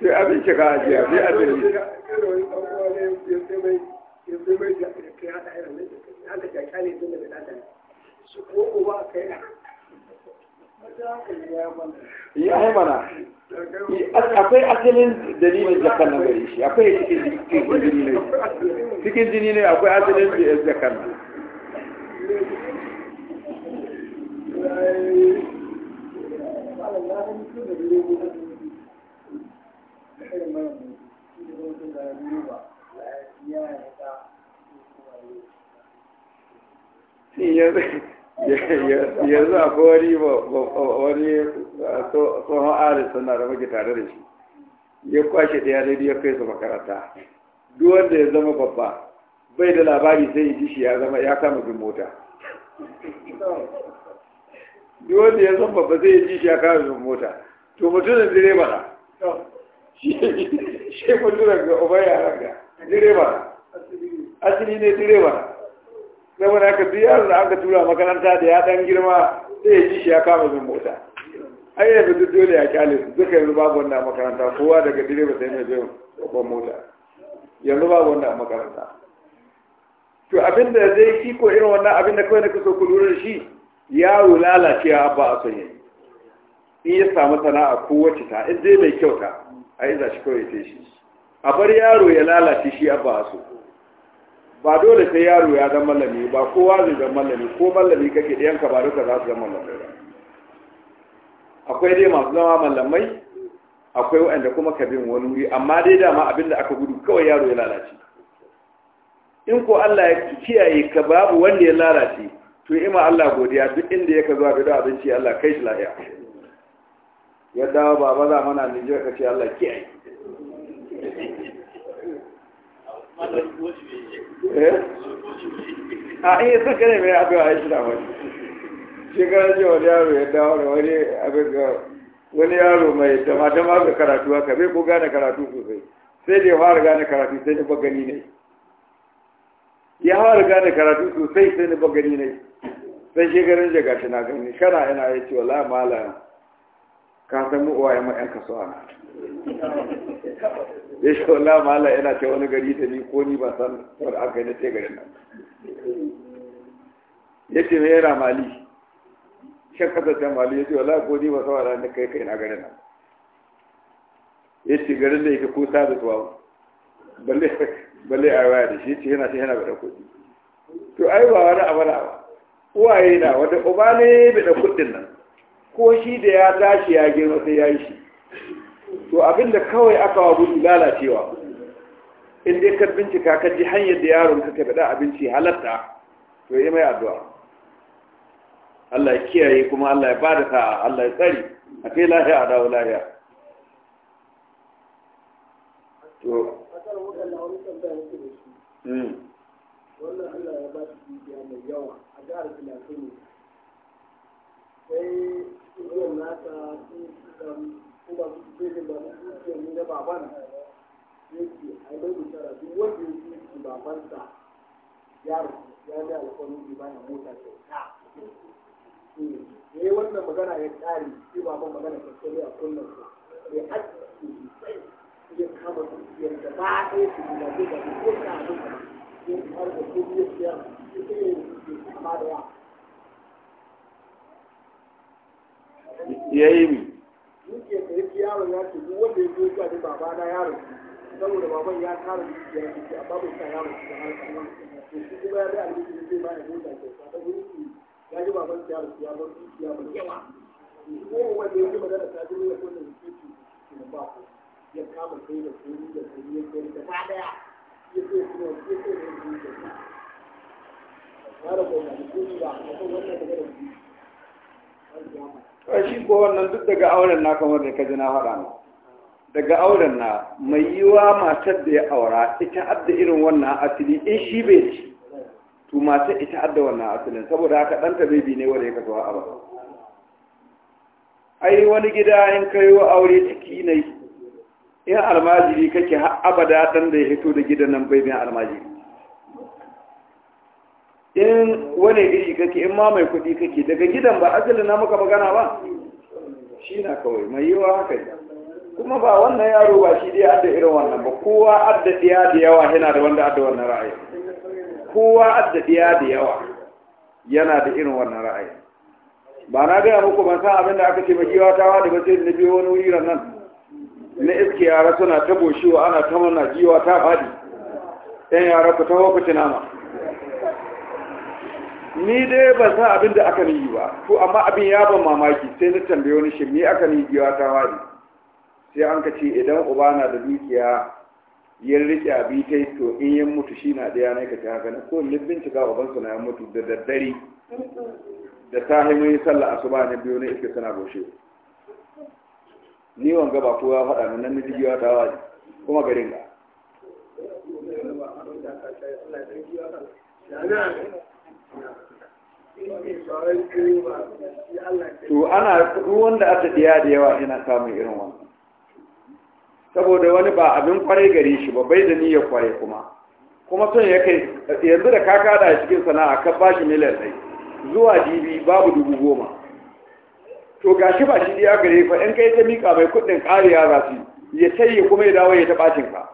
sai abin shi ka ajiya bi abin ya yi mana akwai asalin dalilin zakar na gari shi akwai cikin jini ne cikin jini ne akwai asalin zakar na Thank you. yanzu a wani wani tsohon aris suna da muke tare da shi ya kwashe da yanar ya kai su makaranta duk wanda ya zama babba bai da labari sai yi ji shi ya zama ya kama bin mota duk wanda ya zama babba sai yi ji shi ya kama bin mota to mutumin direba na shi mutumin ga obaya ranga direba asali ne direba saboda haka aka biya da aka tura makaranta da ya dan girma sai ya ji shi ya kama min mota ai yanzu duk dole ya kyale su duka yanzu babu wannan makaranta kowa daga direba sai mai zai babban mota yanzu babu wannan makaranta to abin da zai shi ko irin wannan abin da kawai na kaso ku lura da shi yaro lalacewa abba a son yayi in ya samu sana'a ko wacce ta in dai mai kyauta a za shi kawai sai shi a bar yaro ya lalace shi ba so ba dole sai yaro ya zama malami ba kowa zai zama malami ko malami kake ka ba duka za su zama Lami. ba akwai dai masu zama mallamai, akwai waɗanda kuma ka bin wani wuri amma dai dama abin da aka gudu kawai yaro ya lalace in ko Allah ya kiyaye ka babu wanda ya lalace to ima Allah godiya duk inda ya ka zuwa ga abinci Allah kai shi lahiya ya dawo baba za mana Nijar ka ce Allah kiyaye Eh? a iya sun kare mai abin a shi damar shekarar jiya wani yaro ya dawo da wani abin ga wani yaro mai dama-dama ga karatu haka bai ko gane karatu sosai sai da ya fara gane karatu sai da bagani ne ya fara gane karatu sosai sai da bagani ne sai shekarar jiya gashi na gani shara yana ya ce wala malaya ka san mu uwaye ma yan kasuwa na ya shi wala mala yana ce wani gari da ni ko ni ba san wani aka yi na ce garin nan ya ce mai yana mali shan kasashen mali ya ce wala ko ni ba san wani na kai kai na garin nan ya ce garin da yake kusa da tuwa balle a waya da shi ce yana ce yana bada kudi to ai ba wani abara na ba uwaye na wanda ba ne bada kudin nan ko shi da ya tashi ya girma sai ya yi shi to abinda kawai aka wa gudu lalacewa in dai ka bincika ka ji hanyar da yaron ka taɓa abinci halatta to yi mai addu'a Allah ya kiyaye kuma Allah ya bada sa'a Allah ya tsari a kai lahiya a dawo lahiya to hmm. wannan Allah ya ba shi mai yawa a jihar Filato ne sai dukiyar nasa su suka kuma su ce ba su dukiyar ne na baban yake ai bai bishara su wanda ya ce babansa yaro ya ji alƙawarin ki bayan mota kyauta eh wannan magana ya ƙare shi baban magana ta sai a kullum ya haƙƙi sosai ya kama dukiyar da ba ɗaya su gudanar su duk wani abin da ya har da dukiyar ya ce amma da yawa ya yi mi dukiya da ya ce duk wanda ya da babana yaron saboda baban ya tara dukiya ya ce amma bai sa yaron su da halka ba to shi kuma ya ne zai ba ya mota ke ta ya ji baban yaron ya bar dukiya mai yawa ko wanda ya ji magana ta ya kunna da ke ba ku ya kama kai da da ya da ta daya ya ce kuma ya da ya da ba a wannan da ya ya to shi ko wannan duk daga auren na kamar da kaji na faɗa ma daga auren na mai yiwa matar da ya aura ita adda irin wannan asili in shi bai ci to mata ita adda wannan asilin saboda haka ɗanta bebi ne wanda ya a ba ai wani gida in kai wa aure ciki ne in almajiri kake har abada dan da ya hito da gidan nan bai almajiri in wane iri kake in ma mai kuɗi kake daga gidan ba azali na maka magana ba shi na kawai mai wa haka ne kuma ba wannan yaro ba shi dai adda irin wannan ba kowa adda ɗiya da yawa yana da wanda adda wannan ra'ayi kowa adda ɗiya da yawa yana da irin wannan ra'ayi ba na gaya muku ban san abin da aka ce ba yiwa ta wada ba sai na biyo wani wuri nan na iske yara suna ta ana ta mana jiwa ta faɗi ɗan yara ku taho ku tunama ni dai ban san abin da aka yi ba to amma abin ya ban mamaki sai na tambaye wani shin me aka yi giwa ta wani sai an ka ce idan uba na da dukiya ya riƙe abi tai to in yin mutu shi na da na ka ta haka na ko ni bincika uban sa na ya mutu da daddare da ta mun yi sallah asuba ne biyo na iska tana goshe ni wanga ba kowa faɗa min nan miji giwa ta wani kuma garin ga Yeah. to ana ruwan wanda aka diya da yawa yana samun irin wannan saboda wani ba abin kwarai gare shi ba bai da niyyar kwarai kuma kuma son ya kai yanzu da ka da cikin sana'a ka bashi miliyan ɗai zuwa dibi babu dubu goma to ga shi ba shi diya gare fa in kai ta mika mai kuɗin ƙariya za su ya tayi kuma ya dawo ya ta bacin ka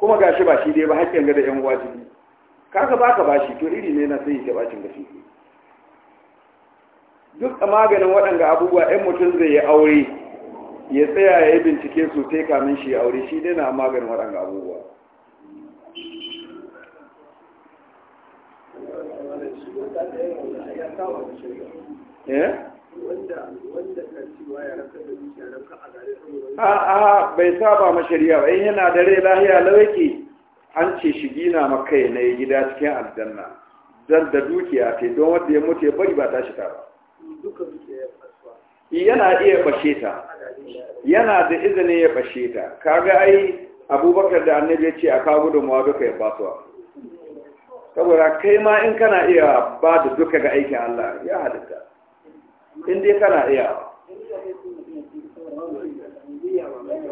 kuma shi ba shi dai ba haƙƙin ga da ƴan uwa kaga baka bashi to iri ne na sai ya bacin gashi duk a maganin waɗanda abubuwa ɗan mutum zai yi aure ya tsaya ya yi bincike sosai kamin shi ya aure shi dai na maganin waɗanda abubuwa eh? a a bai saba ma shari'a ba yana da rai lahiya lawaki an ce shi gina maka ya yi gida cikin aljanna dan da dukiya ce don wanda ya mutu ya bari ba ta shi ba yana iya bashe ta yana da izinin ya bashe ta kaga ai abubakar da annabi ya ce a kawo gudunmawa duka ya basuwa saboda kai ma in kana iya ba da duka ga aikin Allah ya halitta in dai kana iya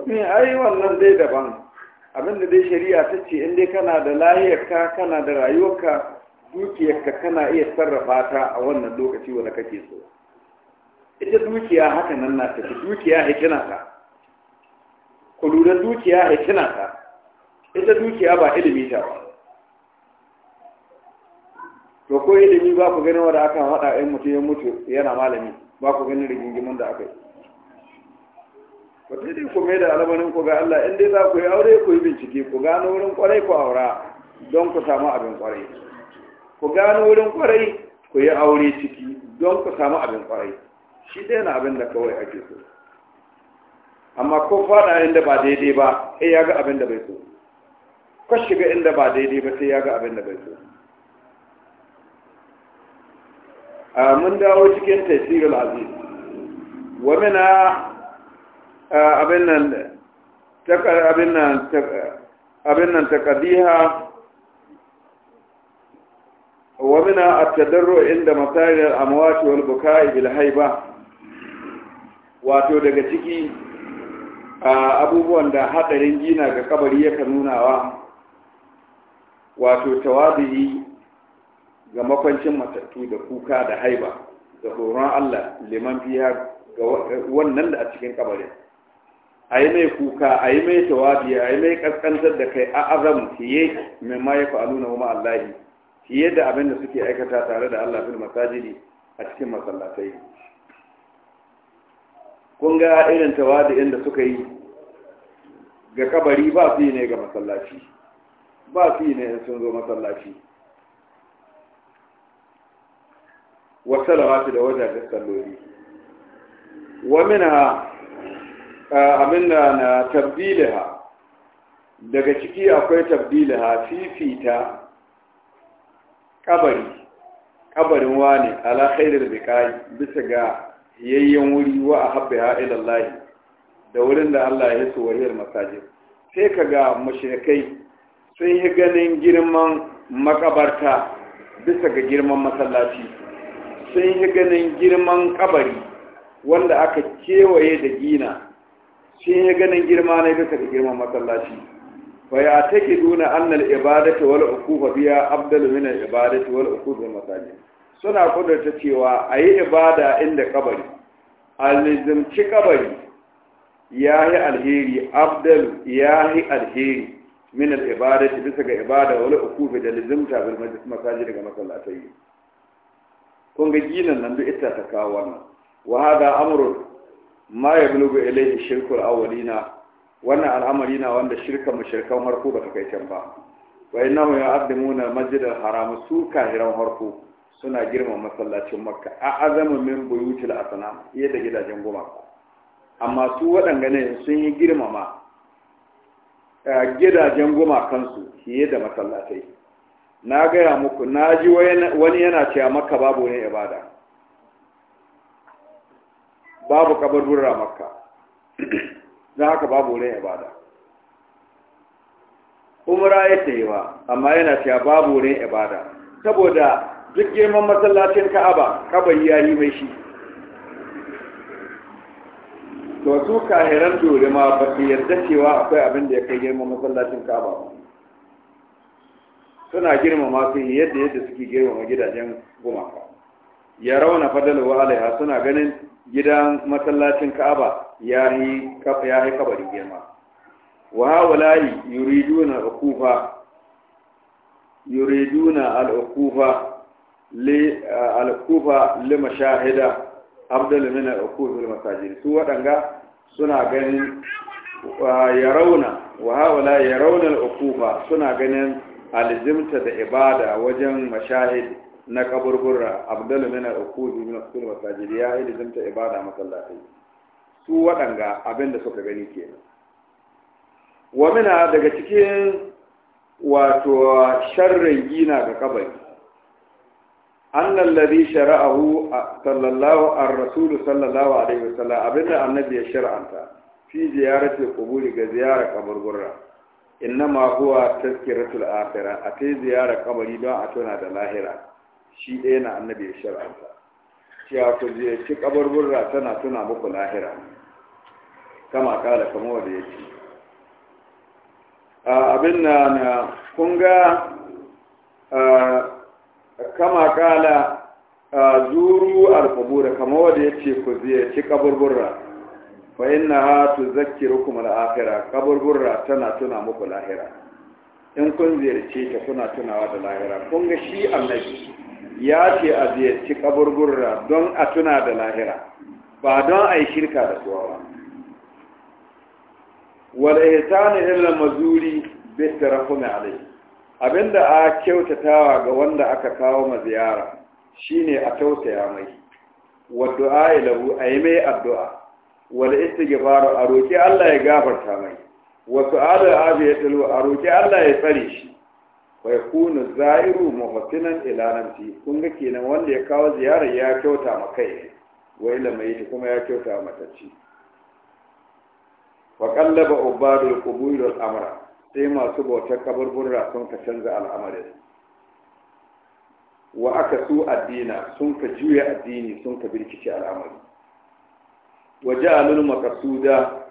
eh, ai wannan dai daban abinda dai shari'a ta ce in dai kana da lahiyarka kana da rayuwarka dukiyarka kana iya sarrafa ta a wannan lokaci wanda kake so ita dukiya haka nan na tafi dukiya hikina ta ku lura dukiya hikina ta ita dukiya ba ilimi ta ba to ko ilimi ba ku ganin wanda aka haɗa ɗan mutu ya mutu yana malami ba ku ganin rigingimin da aka yi ku dai ku mai da alamarin ku ga Allah in dai za ku yi aure ku yi bincike ku gano wurin kwarai ku aura don ku samu abin kwarai ku gano wurin kwarai ku yi aure ciki don ku samu abin kwarai shi dai na abin da kawai ake so amma ko fada inda ba daidai ba sai ya ga abin da bai so ko shiga inda ba daidai ba sai ya ga abin da bai so mun dawo cikin tafsirul aziz wa mina abin nan takadiha wa mina a tadarro inda haiba wato daga ciki a abubuwan da hadarin gina ga kabari nuna nunawa wato tawabi'i ga makwancin matattu da kuka da haiba da horon Allah liman fiya ga wannan da a cikin kabarin a yi mai kuka a yi mai tawabi a yi mai kaskantar da kai a azam fiye mai ma ya fa'alu na kuma Allahi fiye da abin da suke aikata tare da Allah fil masajidi a cikin masallatai kun ga irin tawabi inda suka yi ga kabari ba su yi ne ga masallaci ba su yi ne in sun zo masallaci wasu da wajajen salloli wa minha abin da na tabdiliha daga ciki akwai tabdiliha fifita kabari kabarin wani ala khairul biqai bisa ga yayyen wuri wa ahabba ila Allah da wurin da Allah ya so wariyar masajin. sai kaga mushrikai sun yi ganin girman makabarta bisa ga girman masallaci sun yi ganin girman kabari wanda aka kewaye da gina shi ya ganin girma ne bisa ga girman masallaci fa ya take duna annal ibadatu wal ukufa biya abdalu min al ibadatu wal ukufa masallaci masajid suna kudurta cewa ayi ibada inda kabari alizimci kabari yahi alheri ya yahi alheri min al ibadatu bisa ga ibada wal ukufa da lizimta bil masallaci ga masallatai kun ga ginan nan duk ita ta kawo wannan wa hada amrun ma ya bulugu ilaihi shirkul awwalina wannan al'amari na wanda shirka mushrikan harko ba ta kai can ba wa innahu ya'dimuna masjid al-haram su kahiran harko suna girma masallacin makka a azamu min buyutil asnam iya da gidajen gumaka amma su wadanga ne sun yi girmama gidajen gumakansu fiye da masallatai na gaya muku na ji wani yana cewa makka babu ne ibada babu a makka don haka babu wurin ibada umara ya tsayewa amma yana cewa babu wurin ibada saboda duk girman masallacin ka'aba kabari ya yi mai shi to su kahiran dole ma ba su yarda cewa akwai abin da ya kai girman masallacin ka'aba ba suna girmama su yadda yadda suke girmama gidajen gumaka ya rauna fadalu alaiha suna ganin gidan masallacin ka'aba ya yi kabari girma wa yuriduna al-ukufa yuriduna al-ukufa li uh, al-ukufa li mashahida min al-ukuf masajid su wadanga suna ganin yarawna wa hawala yarawna al-ukufa suna ganin aljimta da ibada wajen mashahidi na kaburbura abdul min al-uqud min al-uqud ya yi lazimta ibada masallatai su waɗanga abinda suka gani kenan wa mina daga cikin wato sharrin gina ga kabari annal ladhi shara'ahu sallallahu ar-rasul sallallahu alaihi wasallam abinda annabi ya shar'anta fi ziyarati kuburi ga ziyara kaburbura ma huwa tazkiratul akhirah atai ziyara kabari don a tuna da lahira shi ɗaya na annabi ya shar'anta ya ku ziyarci kaburburra tana tuna muku lahira kama kala kama wanda ya ce abin na na kun ga kama kala zuru alkubura kama wanda ya ce ku ziyarci kaburburra fa inna ha tu kum al-akhirah kaburburra tana tuna muku lahira in kun ziyarce ta kuna tunawa da lahira kun ga shi annabi ya ce a ziyarci kaburburra don a tuna da lahira ba don a yi shirka da kowa ba ya sani illa mazuri bi tarahumi alai abinda a kyautatawa ga wanda aka kawo ma ziyara shine a tausaya mai yi labu a yi mai addu'a wal gabaru a roƙi Allah ya gafarta mai wato su'al abiyatul a roƙi Allah ya tsare shi wa yakunu zairu mufassinan ila kun ga kenan wanda ya kawo ziyarar ya kyauta ma kai wai lamai ila kuma ya kyauta ci wa ubadu al qubur al amra sai masu bautar kaburbura sun ka canza al'amarin wa aka su addina sun ka juya addini sun ka birkice al'amari wa ja'alul maqsuda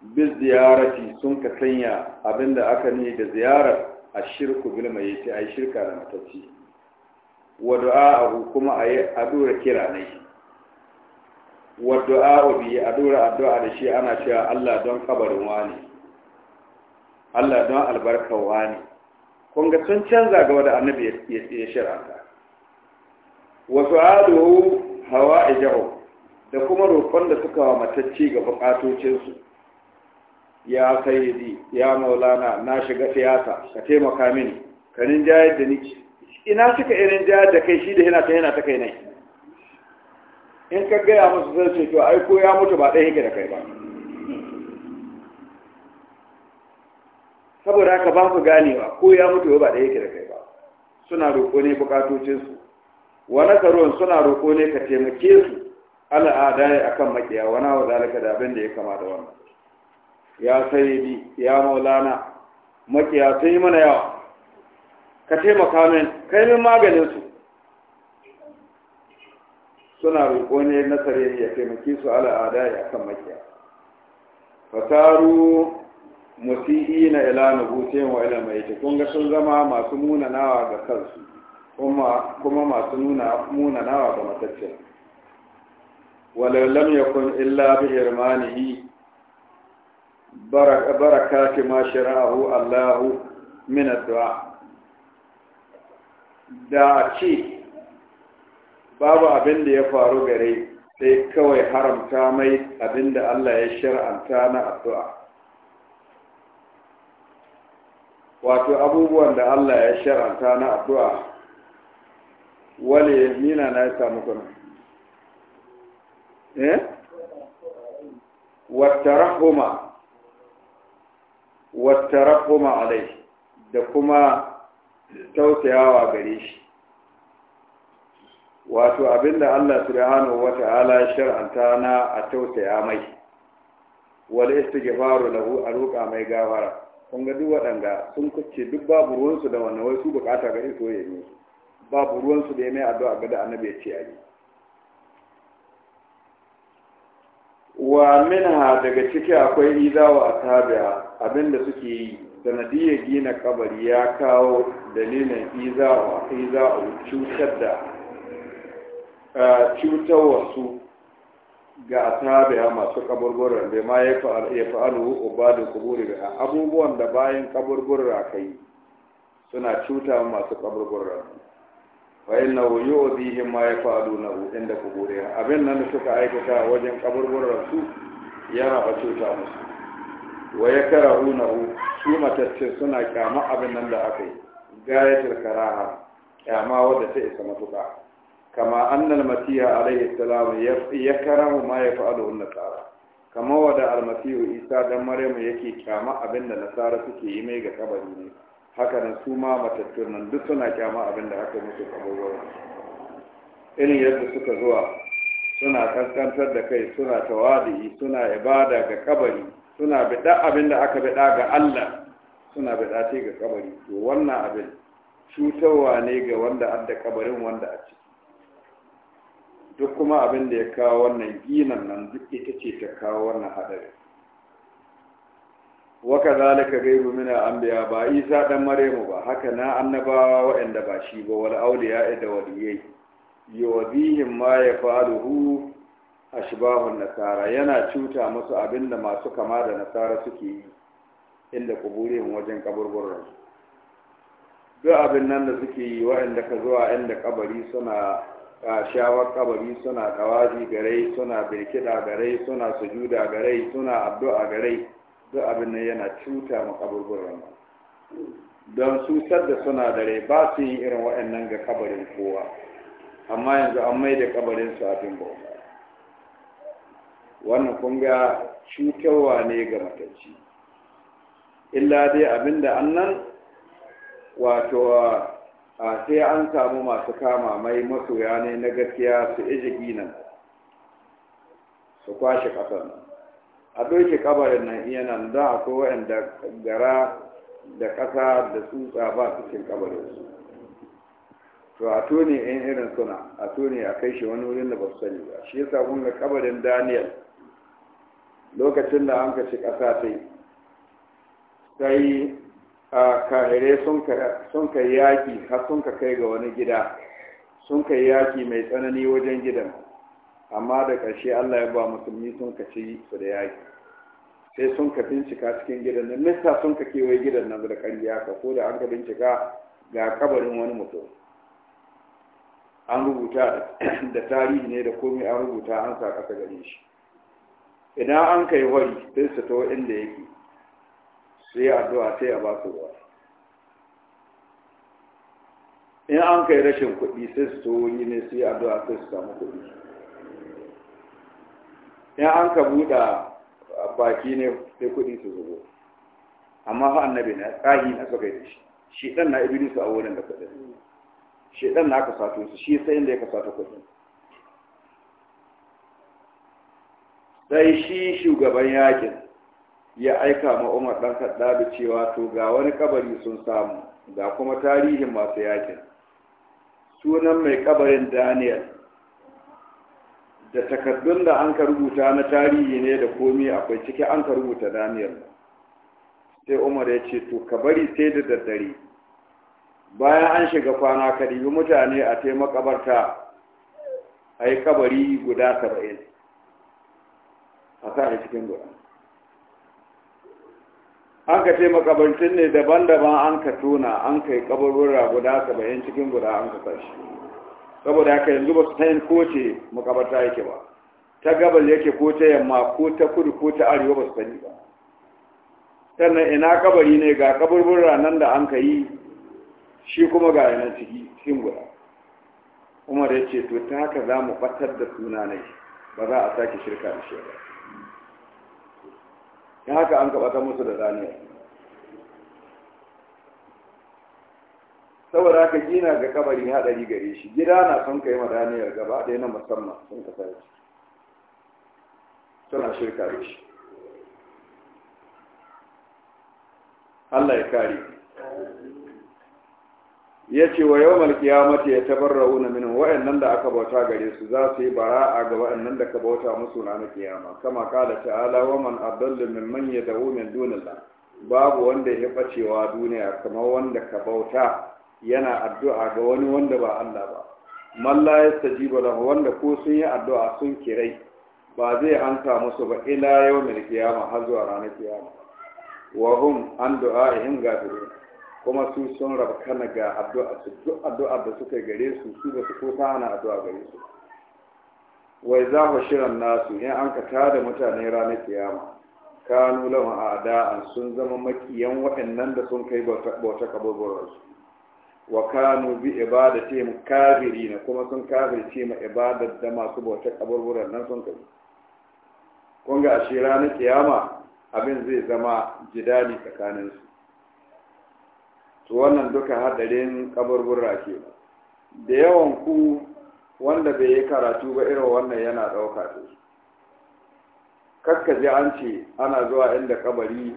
bi ziyarati sun ka sanya abinda aka ne da ziyarar a shirku bil mai yace ai shirka da matacci wa du'a abu kuma ayi adura kira ne wa du'a'u bi adura addu'a da shi ana cewa Allah don kabarin wani Allah don albarka wani kun ga sun canza ga wanda annabi ya shiranta wa su'aluhu hawa'ijahu da kuma roƙon da suka wa matacci ga bukatocinsu ya sayyidi ya maulana na shiga siyasa ka taimaka mini ka jayar da ni ina suka irin jayar da kai shi da yana ta yana ta kai nai in ka gaya musu zai ce to ai ko ya mutu ba ɗaya yake da kai ba saboda haka ba su ganewa ko ya mutu ba ɗaya yake da kai ba suna roƙo ne bukatocinsu wani karuwan suna roƙo ne ka taimake su al'ada ya akan makiya wani wa zalika da abin da ya kama da wannan ya sayyidi ya maulana makiya sun yi mana yawa ka taimaka min kai min maganin su suna roƙo ne na sarari ya taimake su al'ada ya kan makiya fasaru musi'i na ila nubutin wa ila mai kun ga sun zama masu munanawa ga kansu kuma masu nuna munanawa ga mataccen walau lam yakun illa bi irmanihi barakati ma shara'ahu Allahu min addu'a da a ce babu abin da ya faru gare sai kawai haramta mai abin da Allah ya shir'anta na addu'a wato abubuwan da Allah ya shir'anta na addu'a wale nina na ya samu kuna eh wata rahuma wattarahuma alai da kuma tausayawa gare shi wato abinda Allah subhanahu wata'ala shar'anta na a tausaya mai wal istighfaru lahu a roƙa mai gafara kun ga duk waɗanda sun kuce duk babu ruwansu da wannan wai su bukata ga iso ya yi babu ruwansu da ya mai addu'a ga da annabi ya ce a yi wa minha daga ciki akwai iza a tabi'a abinda suke yi sanadiyar gina kabari ya kawo dalilin iza izawa cutar da cutar wasu ga tabi'a masu kaburburan bai ma ya fa'alu ubadu kuburi ga abubuwan da bayan kaburburan kai suna cuta masu kaburburan fa inna yu'dhihi ma yafaluna inda kuburiha abin nan suka aikata wajen kaburburan su ya raba cuta musu wa yakrahunahu su matacce suna kyama abin nan da aka yi gayatul karaha kyama wadda ta isa matuka kama annal masiha alaihi salam ya ma ya fa'alu nasara kama wada almasihu isa dan maryamu yake kyama abin da nasara suke yi mai ga kabari ne haka nan su ma matattun nan duk suna kyama abin da aka musu kabarwar irin yadda suka zuwa suna kaskantar da kai suna tawadi suna ibada ga kabari suna bida abin da aka bida ga Allah suna bida ce ga kabari to wannan abin cutarwa ne ga wanda adda kabarin wanda a ciki duk kuma abin da ya kawo wannan ginan nan duk ita ce ta kawo wannan hadari waka zalika gairu mina anbiya ba isa dan maryamu ba haka na annabawa waanda ba shi ba wal auliya da waliyai yawadihim ma yafaluhu ashbahun nasara yana cuta musu abinda masu kama da nasara suke yi inda kuburin wajen kaburburan duk abin nan da suke yi waɗanda ka zuwa inda kabari suna shawar kabari suna tawazi garai suna birkida garai suna sujuda garai suna addu'a garai duk abin nan yana cuta ma kaburburan don su da suna dare ba su yin irin waɗannan ga kabarin kowa amma yanzu an mai da kabarin su abin bauta wannan kun ga cutarwa ne ga matacci illa dai abinda da annan wato a sai an samu masu kama mai masoya ne na gaskiya su ije nan. su kwashe ƙasar nan a doke kabarin nan za a akwai waɗanda gara da ƙasa da tsutsa ba su cin kabarin su to a tone in irin suna a tone a kai shi wani wurin da ba su sani ba shi yasa kun ga kabarin daniel lokacin da an kashi ƙasa ta yi sai a kahire sun ka yaƙi har sun ka kai ga wani gida sun ka yaƙi mai tsanani wajen gidan amma da ƙarshe Allah ya ba musulmi sun ka ci su da yaƙi sai sun ka bincika cikin gidan nan nesa sun ka kewaye gidan nan da ƙarya ka ko da an ka bincika ga kabarin wani mutum an rubuta da tarihi ne da komai an rubuta an sa ƙasa gare shi idan an kai wari sai su to inda yake su yi addu'a sai a ba su ruwa in an kai rashin kuɗi sai su to wuri ne su yi addu'a sai su samu kuɗi in an ka buɗa baki ne sai kuɗi su zubo amma fa annabi na tsahi na suka yi da shi shi ɗan na su a wurin da kuɗin shi ɗan na aka sato su shi sai inda ya ka sato kuɗin sai shi shugaban yakin ya aika ma Umar dan Kaddabi cewa to ga wani kabari sun samu ga kuma tarihin masu yakin sunan mai kabarin Daniel da takardun da an ka rubuta na tarihi ne da komi akwai ciki an ka rubuta daniyar sai umar ya ce to ka bari sai da daddare bayan an shiga kwana ka ɗibi mutane a tai makabarta a yi kabari guda saba'in a sa a cikin guda an ka tai makabartin ne daban-daban an ka tona an kai kabarura guda saba'in cikin guda an ka sashi saboda haka yanzu ba su san ko ce makabarta yake ba ta gabal yake ko ta yamma ko ta kudu ko ta arewa ba su sani ba sannan ina kabari ne ga kaburbura nan da an ka yi shi kuma ga yanar ciki cikin guda umar ya ce to ta haka za mu batar da suna ne ba za a sake shirka da shi ba ta haka an kaba ta musu da zaniyar saboda haka gina ga kabari haɗari gare shi gida na son kai madaniyar gaba ɗaya na musamman sun ka sai suna shirka da shi Allah ya kare ya ce wa yau malkiyamata ya tabarra una minin wa'annan da aka bauta gare su za su yi bara'a ga wa'annan da ka bauta musu na na kiyama kama kala ala wa man adallu mimman yad'u min dunin babu wanda ya ɓacewa duniya kamar wanda ka bauta yana addu'a ga wani wanda ba Allah ba malla ya tajiba lahu wanda ko sun yi addu'a sun kirai ba zai ansa musu ba ila yau mai kiyama har zuwa ranar kiyama wa hum an du'a ihim gafirun kuma su sun raba kana ga addu'a su duk addu'a da suka gare su su ba su ko ta hana addu'a gare su wai za ku shirin nasu in an ka tada mutane ranar kiyama kanu lahu an sun zama makiyan waɗannan da sun kai bauta kaburburansu wa kanu bi ibadatihim kafirin kuma sun kafirce ma ibadar da masu bautar kaburburan nan sun kai kun ga ashe ranar kiyama abin zai zama jidali tsakanin su to wannan duka hadarin kaburbura ke da yawan ku wanda bai yi karatu ba irin wannan yana ɗauka su kakkaje an ce ana zuwa inda kabari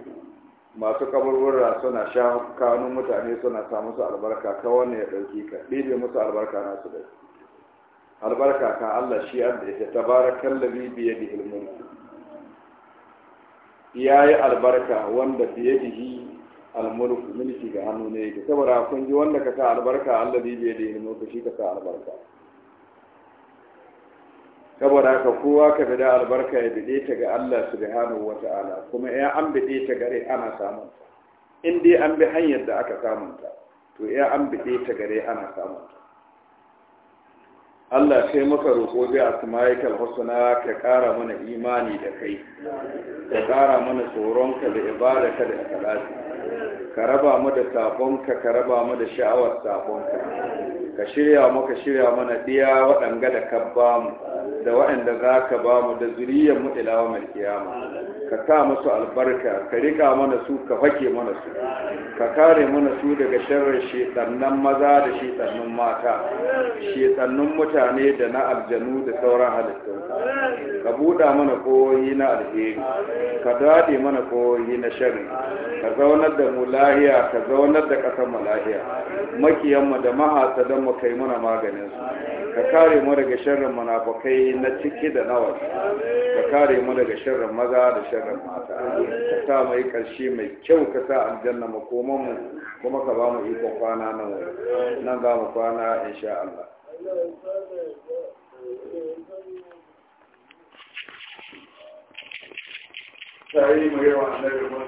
masu kaburbura suna sha kanun mutane suna sa musu albarka ka wani ya ɗauki ka ɗebe musu albarka na su dai albarka ka Allah shi an da ya tabarakan labi biye da ilmin ya yi albarka wanda biye da yi almulku mulki ga hannu ne saboda kun ji wanda ka sa albarka Allah biye da ilmin shi ka sa albarka saboda haka kowa ka da albarka ya bide ta ga Allah subhanahu wata'ala kuma ya an bide ta gare ana samun ta in dai an bi hanyar da aka samun ta to ya an bide ta gare ana samun ta Allah sai maka roƙo bi asma'ikal husna ka ƙara mana imani da kai ka ƙara mana tsoronka da ibadaka da ikhlasi ka raba mu da sabonka ka raba mu da sha'awar sabonka ka shirya maka shirya mana ɗiya waɗanga da ka bamu da waɗanda za ka bamu da zuriyar mu ilawa mai kiyama ka sa musu albarka ka rika mana su ka fake mana su ka kare mana su daga shi shedannan maza da shedannun mata shedannun mutane da na aljanu da sauran halittun ka buɗa mana koyi na alheri ka dade mana koyi na sharri ka zaunar da mu lahiya ka zaunar da ƙasar mu lahiya makiyanmu da mahasadan mu kai mana maganin su ka kare mu daga sharrin munafukai na ciki da nawa ka kare mu daga sharrin maza da sharrin sharrin mata ka sa mai karshe mai kyau ka sa aljanna makoman mu kuma ka ba mu ikon kwana nan nan ba mu kwana insha Allah sai mu